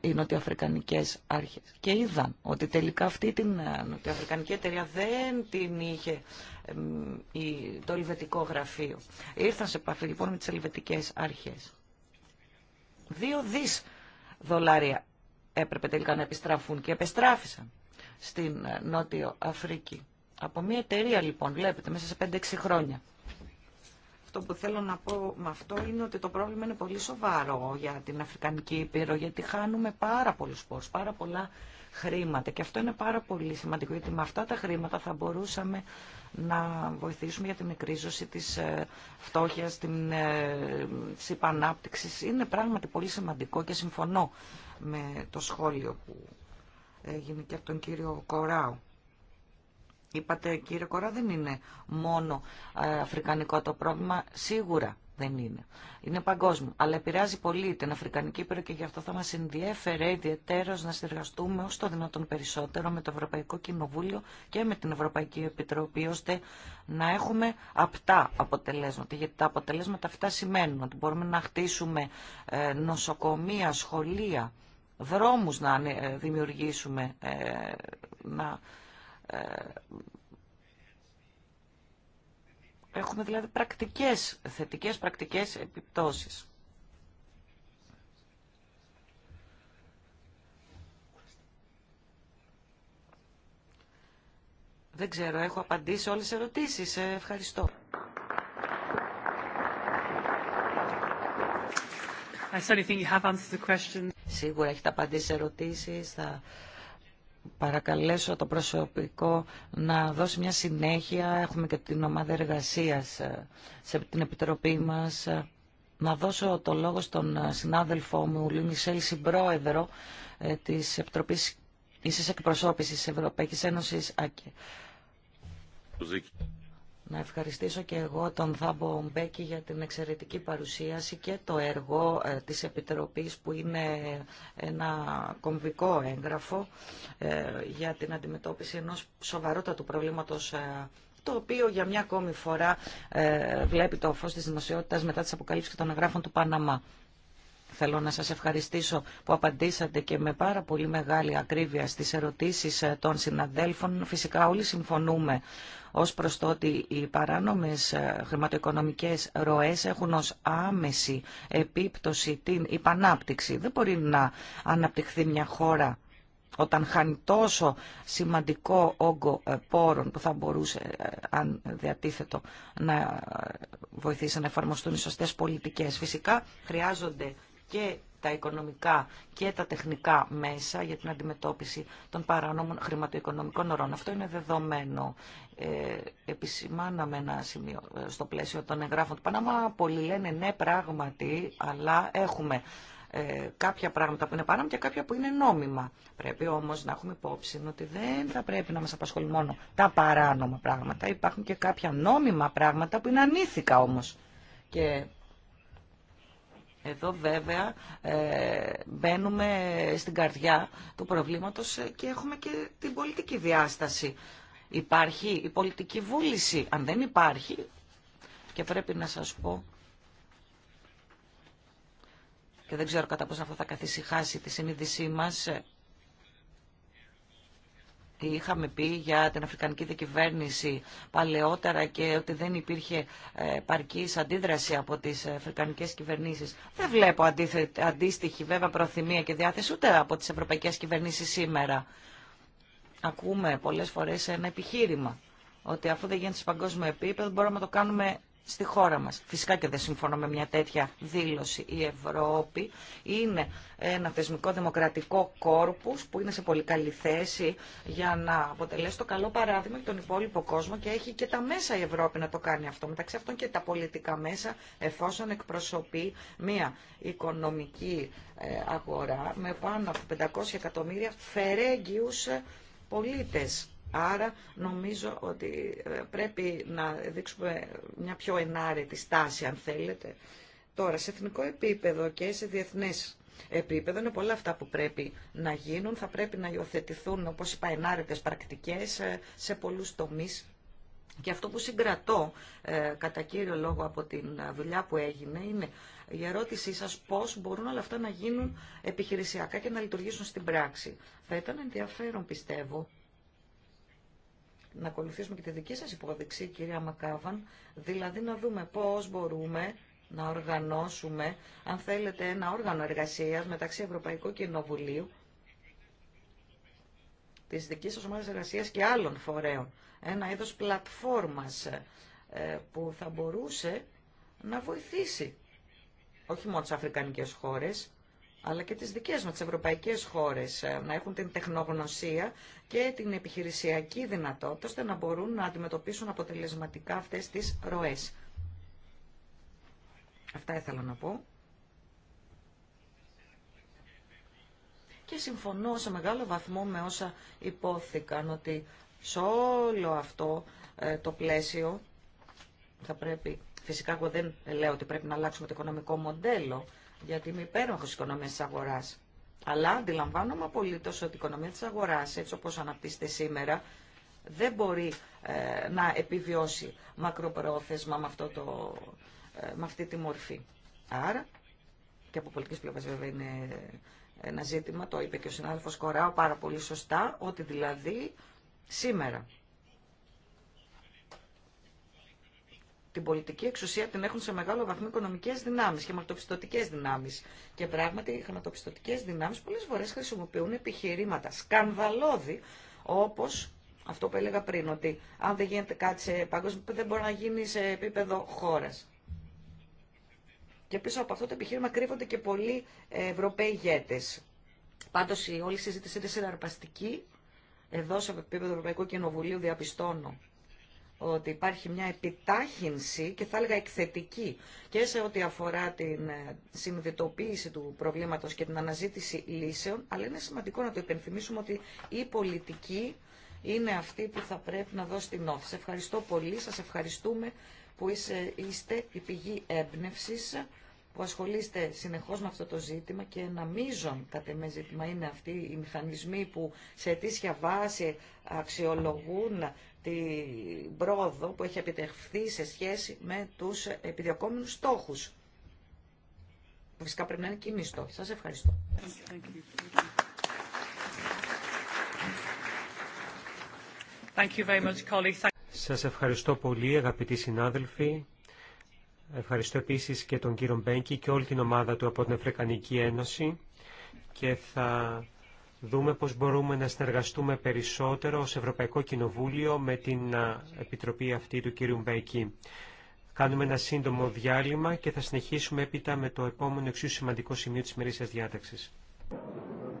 οι νοτιοαφρικανικές άρχες και είδαν ότι τελικά αυτή την ε, νοτιοαφρικανική εταιρεία δεν την είχε το ελβετικό γραφείο. Ήρθαν σε επαφή λοιπόν με τις ελβετικές αρχές. Δύο δις δολάρια έπρεπε τελικά να επιστραφούν και επιστράφησαν στην ε, Νότιο Αφρική. Από μια εταιρεία λοιπόν, βλέπετε, μέσα σε 5-6 χρόνια. Αυτό που θέλω να πω με αυτό είναι ότι το πρόβλημα είναι πολύ σοβαρό για την Αφρικανική Ήπειρο, γιατί χάνουμε πάρα πολλού πόρους, πάρα πολλά χρήματα. Και αυτό είναι πάρα πολύ σημαντικό, γιατί με αυτά τα χρήματα θα μπορούσαμε να βοηθήσουμε για την εκρίζωση της ε, φτώχειας, την, ε, της Είναι πράγματι πολύ σημαντικό και συμφωνώ με το σχόλιο που έγινε και από τον κύριο Κοράου. Είπατε κύριε Κορά δεν είναι μόνο ε, αφρικανικό το πρόβλημα, σίγουρα δεν είναι. Είναι παγκόσμιο, αλλά επηρεάζει πολύ την Αφρικανική Ήπειρο και γι' αυτό θα μας ενδιέφερε ιδιαίτερως να συνεργαστούμε όσο το δυνατόν περισσότερο με το Ευρωπαϊκό Κοινοβούλιο και με την Ευρωπαϊκή Επιτροπή, ώστε να έχουμε απτά αποτελέσματα. Γιατί τα αποτελέσματα αυτά σημαίνουν ότι μπορούμε να χτίσουμε ε, νοσοκομεία, σχολεία, δρόμους να ε, δημιουργήσουμε, να ε, έχουμε δηλαδή πρακτικές, θετικές πρακτικές επιπτώσεις. Δεν ξέρω, έχω απαντήσει όλες τις ερωτήσεις. Ε, ευχαριστώ. Σίγουρα έχετε απαντήσει σε ερωτήσεις, θα παρακαλέσω το προσωπικό να δώσει μια συνέχεια. Έχουμε και την ομάδα εργασίας ε, σε την Επιτροπή μας. Ε, να δώσω το λόγο στον ε, συνάδελφό μου, Λίνη Σέλση, πρόεδρο της Επιτροπής Ίσης Εκπροσώπησης Ευρωπαϊκής Ένωσης, ΑΚΕ. Να ευχαριστήσω και εγώ τον Θάμπο Μπέκη για την εξαιρετική παρουσίαση και το έργο ε, της Επιτροπής που είναι ένα κομβικό έγγραφο ε, για την αντιμετώπιση ενός σοβαρότατου προβλήματος ε, το οποίο για μια ακόμη φορά βλέπει το φως της δημοσιότητας μετά τις αποκαλύψεις των εγγράφων του Παναμά. Θέλω να σας ευχαριστήσω που απαντήσατε και με πάρα πολύ μεγάλη ακρίβεια στις ερωτήσεις ε, των συναδέλφων. Φυσικά όλοι συμφωνούμε ως προς το ότι οι παράνομες ε, χρηματοοικονομικές ροές έχουν ως άμεση επίπτωση την υπανάπτυξη. Δεν μπορεί να αναπτυχθεί μια χώρα όταν χάνει τόσο σημαντικό όγκο ε, πόρων που θα μπορούσε, αν διατίθετο, να βοηθήσει να εφαρμοστούν οι σωστές πολιτικές. Φυσικά χρειάζονται και τα οικονομικά και τα τεχνικά μέσα για την αντιμετώπιση των παρανόμων χρηματοοικονομικών ορών. Αυτό είναι δεδομένο. Ε, επισημάναμε ένα σημείο ε, στο πλαίσιο των εγγράφων του Παναμά. Πολλοί λένε ναι πράγματι, αλλά έχουμε ε, κάποια πράγματα που είναι παράνομα και κάποια που είναι νόμιμα. Πρέπει όμως να έχουμε υπόψη ότι δεν θα πρέπει να μας απασχολεί μόνο τα παράνομα πράγματα. Υπάρχουν και κάποια νόμιμα πράγματα που είναι ανήθικα όμως. Και εδώ βέβαια ε, μπαίνουμε στην καρδιά του προβλήματος ε, και έχουμε και την πολιτική διάσταση. Υπάρχει η πολιτική βούληση. Αν δεν υπάρχει, και πρέπει να σας πω, και δεν ξέρω κατά πώς αυτό θα καθησυχάσει τη συνείδησή μας, ε, είχαμε πει για την Αφρικανική Διακυβέρνηση παλαιότερα και ότι δεν υπήρχε ε, παρκής αντίδραση από τις Αφρικανικές κυβερνήσεις. Δεν βλέπω αντίστοιχη βέβαια προθυμία και διάθεση ούτε από τις Ευρωπαϊκές κυβερνήσεις σήμερα. Ακούμε πολλές φορές ένα επιχείρημα ότι αφού δεν γίνεται σε παγκόσμιο επίπεδο μπορούμε να το κάνουμε στη χώρα μας. Φυσικά και δεν συμφωνώ με μια τέτοια δήλωση. Η Ευρώπη είναι ένα θεσμικό δημοκρατικό κόρπους που είναι σε πολύ καλή θέση για να αποτελέσει το καλό παράδειγμα για τον υπόλοιπο κόσμο και έχει και τα μέσα η Ευρώπη να το κάνει αυτό. Μεταξύ αυτών και τα πολιτικά μέσα εφόσον εκπροσωπεί μια οικονομική ε, αγορά με πάνω από 500 εκατομμύρια φερέγγιους ε, πολίτες Άρα νομίζω ότι ε, πρέπει να δείξουμε μια πιο ενάρετη στάση, αν θέλετε. Τώρα, σε εθνικό επίπεδο και σε διεθνές επίπεδο είναι πολλά αυτά που πρέπει να γίνουν. Θα πρέπει να υιοθετηθούν, όπως είπα, ενάρετες πρακτικές ε, σε πολλούς τομείς. Και αυτό που συγκρατώ ε, κατά κύριο λόγο από την δουλειά που έγινε είναι η ερώτησή σας πώς μπορούν όλα αυτά να γίνουν επιχειρησιακά και να λειτουργήσουν στην πράξη. Θα ήταν ενδιαφέρον, πιστεύω, να ακολουθήσουμε και τη δική σας υπόδειξη, κυρία Μακάβαν, δηλαδή να δούμε πώς μπορούμε να οργανώσουμε, αν θέλετε, ένα όργανο εργασίας μεταξύ Ευρωπαϊκού Κοινοβουλίου, της δικής σας ομάδας εργασίας και άλλων φορέων. Ένα είδος πλατφόρμας ε, που θα μπορούσε να βοηθήσει όχι μόνο τις αφρικανικές χώρες, αλλά και τις δικές μας, τις ευρωπαϊκές χώρες, ε, να έχουν την τεχνογνωσία και την επιχειρησιακή δυνατότητα, ώστε να μπορούν να αντιμετωπίσουν αποτελεσματικά αυτές τις ροές. Αυτά ήθελα να πω. Και συμφωνώ σε μεγάλο βαθμό με όσα υπόθηκαν, ότι σε όλο αυτό ε, το πλαίσιο θα πρέπει, φυσικά εγώ δεν λέω ότι πρέπει να αλλάξουμε το οικονομικό μοντέλο, γιατί είμαι υπέροχο οικονομία τη αγορά. αγοράς. Αλλά αντιλαμβάνομαι απολύτω ότι η οικονομία τη αγορά, έτσι όπως αναπτύσσεται σήμερα, δεν μπορεί ε, να επιβιώσει μακροπρόθεσμα με, αυτό το, ε, με αυτή τη μορφή. Άρα, και από πολιτική πλευρά βέβαια είναι ένα ζήτημα, το είπε και ο συνάδελφο Κοράου πάρα πολύ σωστά, ότι δηλαδή σήμερα την πολιτική εξουσία την έχουν σε μεγάλο βαθμό οικονομικέ δυνάμει, και χρηματοπιστωτικέ δυνάμει. Και πράγματι, οι χρηματοπιστωτικέ δυνάμει πολλέ φορέ χρησιμοποιούν επιχειρήματα σκανδαλώδη, όπω αυτό που έλεγα πριν, ότι αν δεν γίνεται κάτι σε παγκόσμιο δεν μπορεί να γίνει σε επίπεδο χώρα. Και πίσω από αυτό το επιχείρημα κρύβονται και πολλοί Ευρωπαίοι ηγέτε. Πάντω, η όλη συζήτηση είναι συναρπαστική. Εδώ, σε επίπεδο Ευρωπαϊκού Κοινοβουλίου, διαπιστώνω ότι υπάρχει μια επιτάχυνση και θα έλεγα εκθετική και σε ό,τι αφορά την ε, συνειδητοποίηση του προβλήματος και την αναζήτηση λύσεων, αλλά είναι σημαντικό να το υπενθυμίσουμε ότι η πολιτική είναι αυτή που θα πρέπει να δώσει την όθηση. Ευχαριστώ πολύ, σας ευχαριστούμε που είστε η πηγή που ασχολείστε συνεχώς με αυτό το ζήτημα και να μείζον κατ' ζήτημα είναι αυτοί οι μηχανισμοί που σε αιτήσια βάση αξιολογούν την πρόοδο που έχει επιτευχθεί σε σχέση με τους επιδιωκόμενους στόχους. Φυσικά πρέπει να είναι κοινή στόχη. Σας ευχαριστώ. Thank Σας ευχαριστώ πολύ αγαπητοί συνάδελφοι. Ευχαριστώ επίσης και τον κύριο Μπέγκη και όλη την ομάδα του από την Αφρικανική Ένωση και θα δούμε πώς μπορούμε να συνεργαστούμε περισσότερο ως Ευρωπαϊκό Κοινοβούλιο με την Επιτροπή αυτή του κ. Μπαϊκή. Κάνουμε ένα σύντομο διάλειμμα και θα συνεχίσουμε έπειτα με το επόμενο εξίσου σημαντικό σημείο της μερίσιας διάταξης.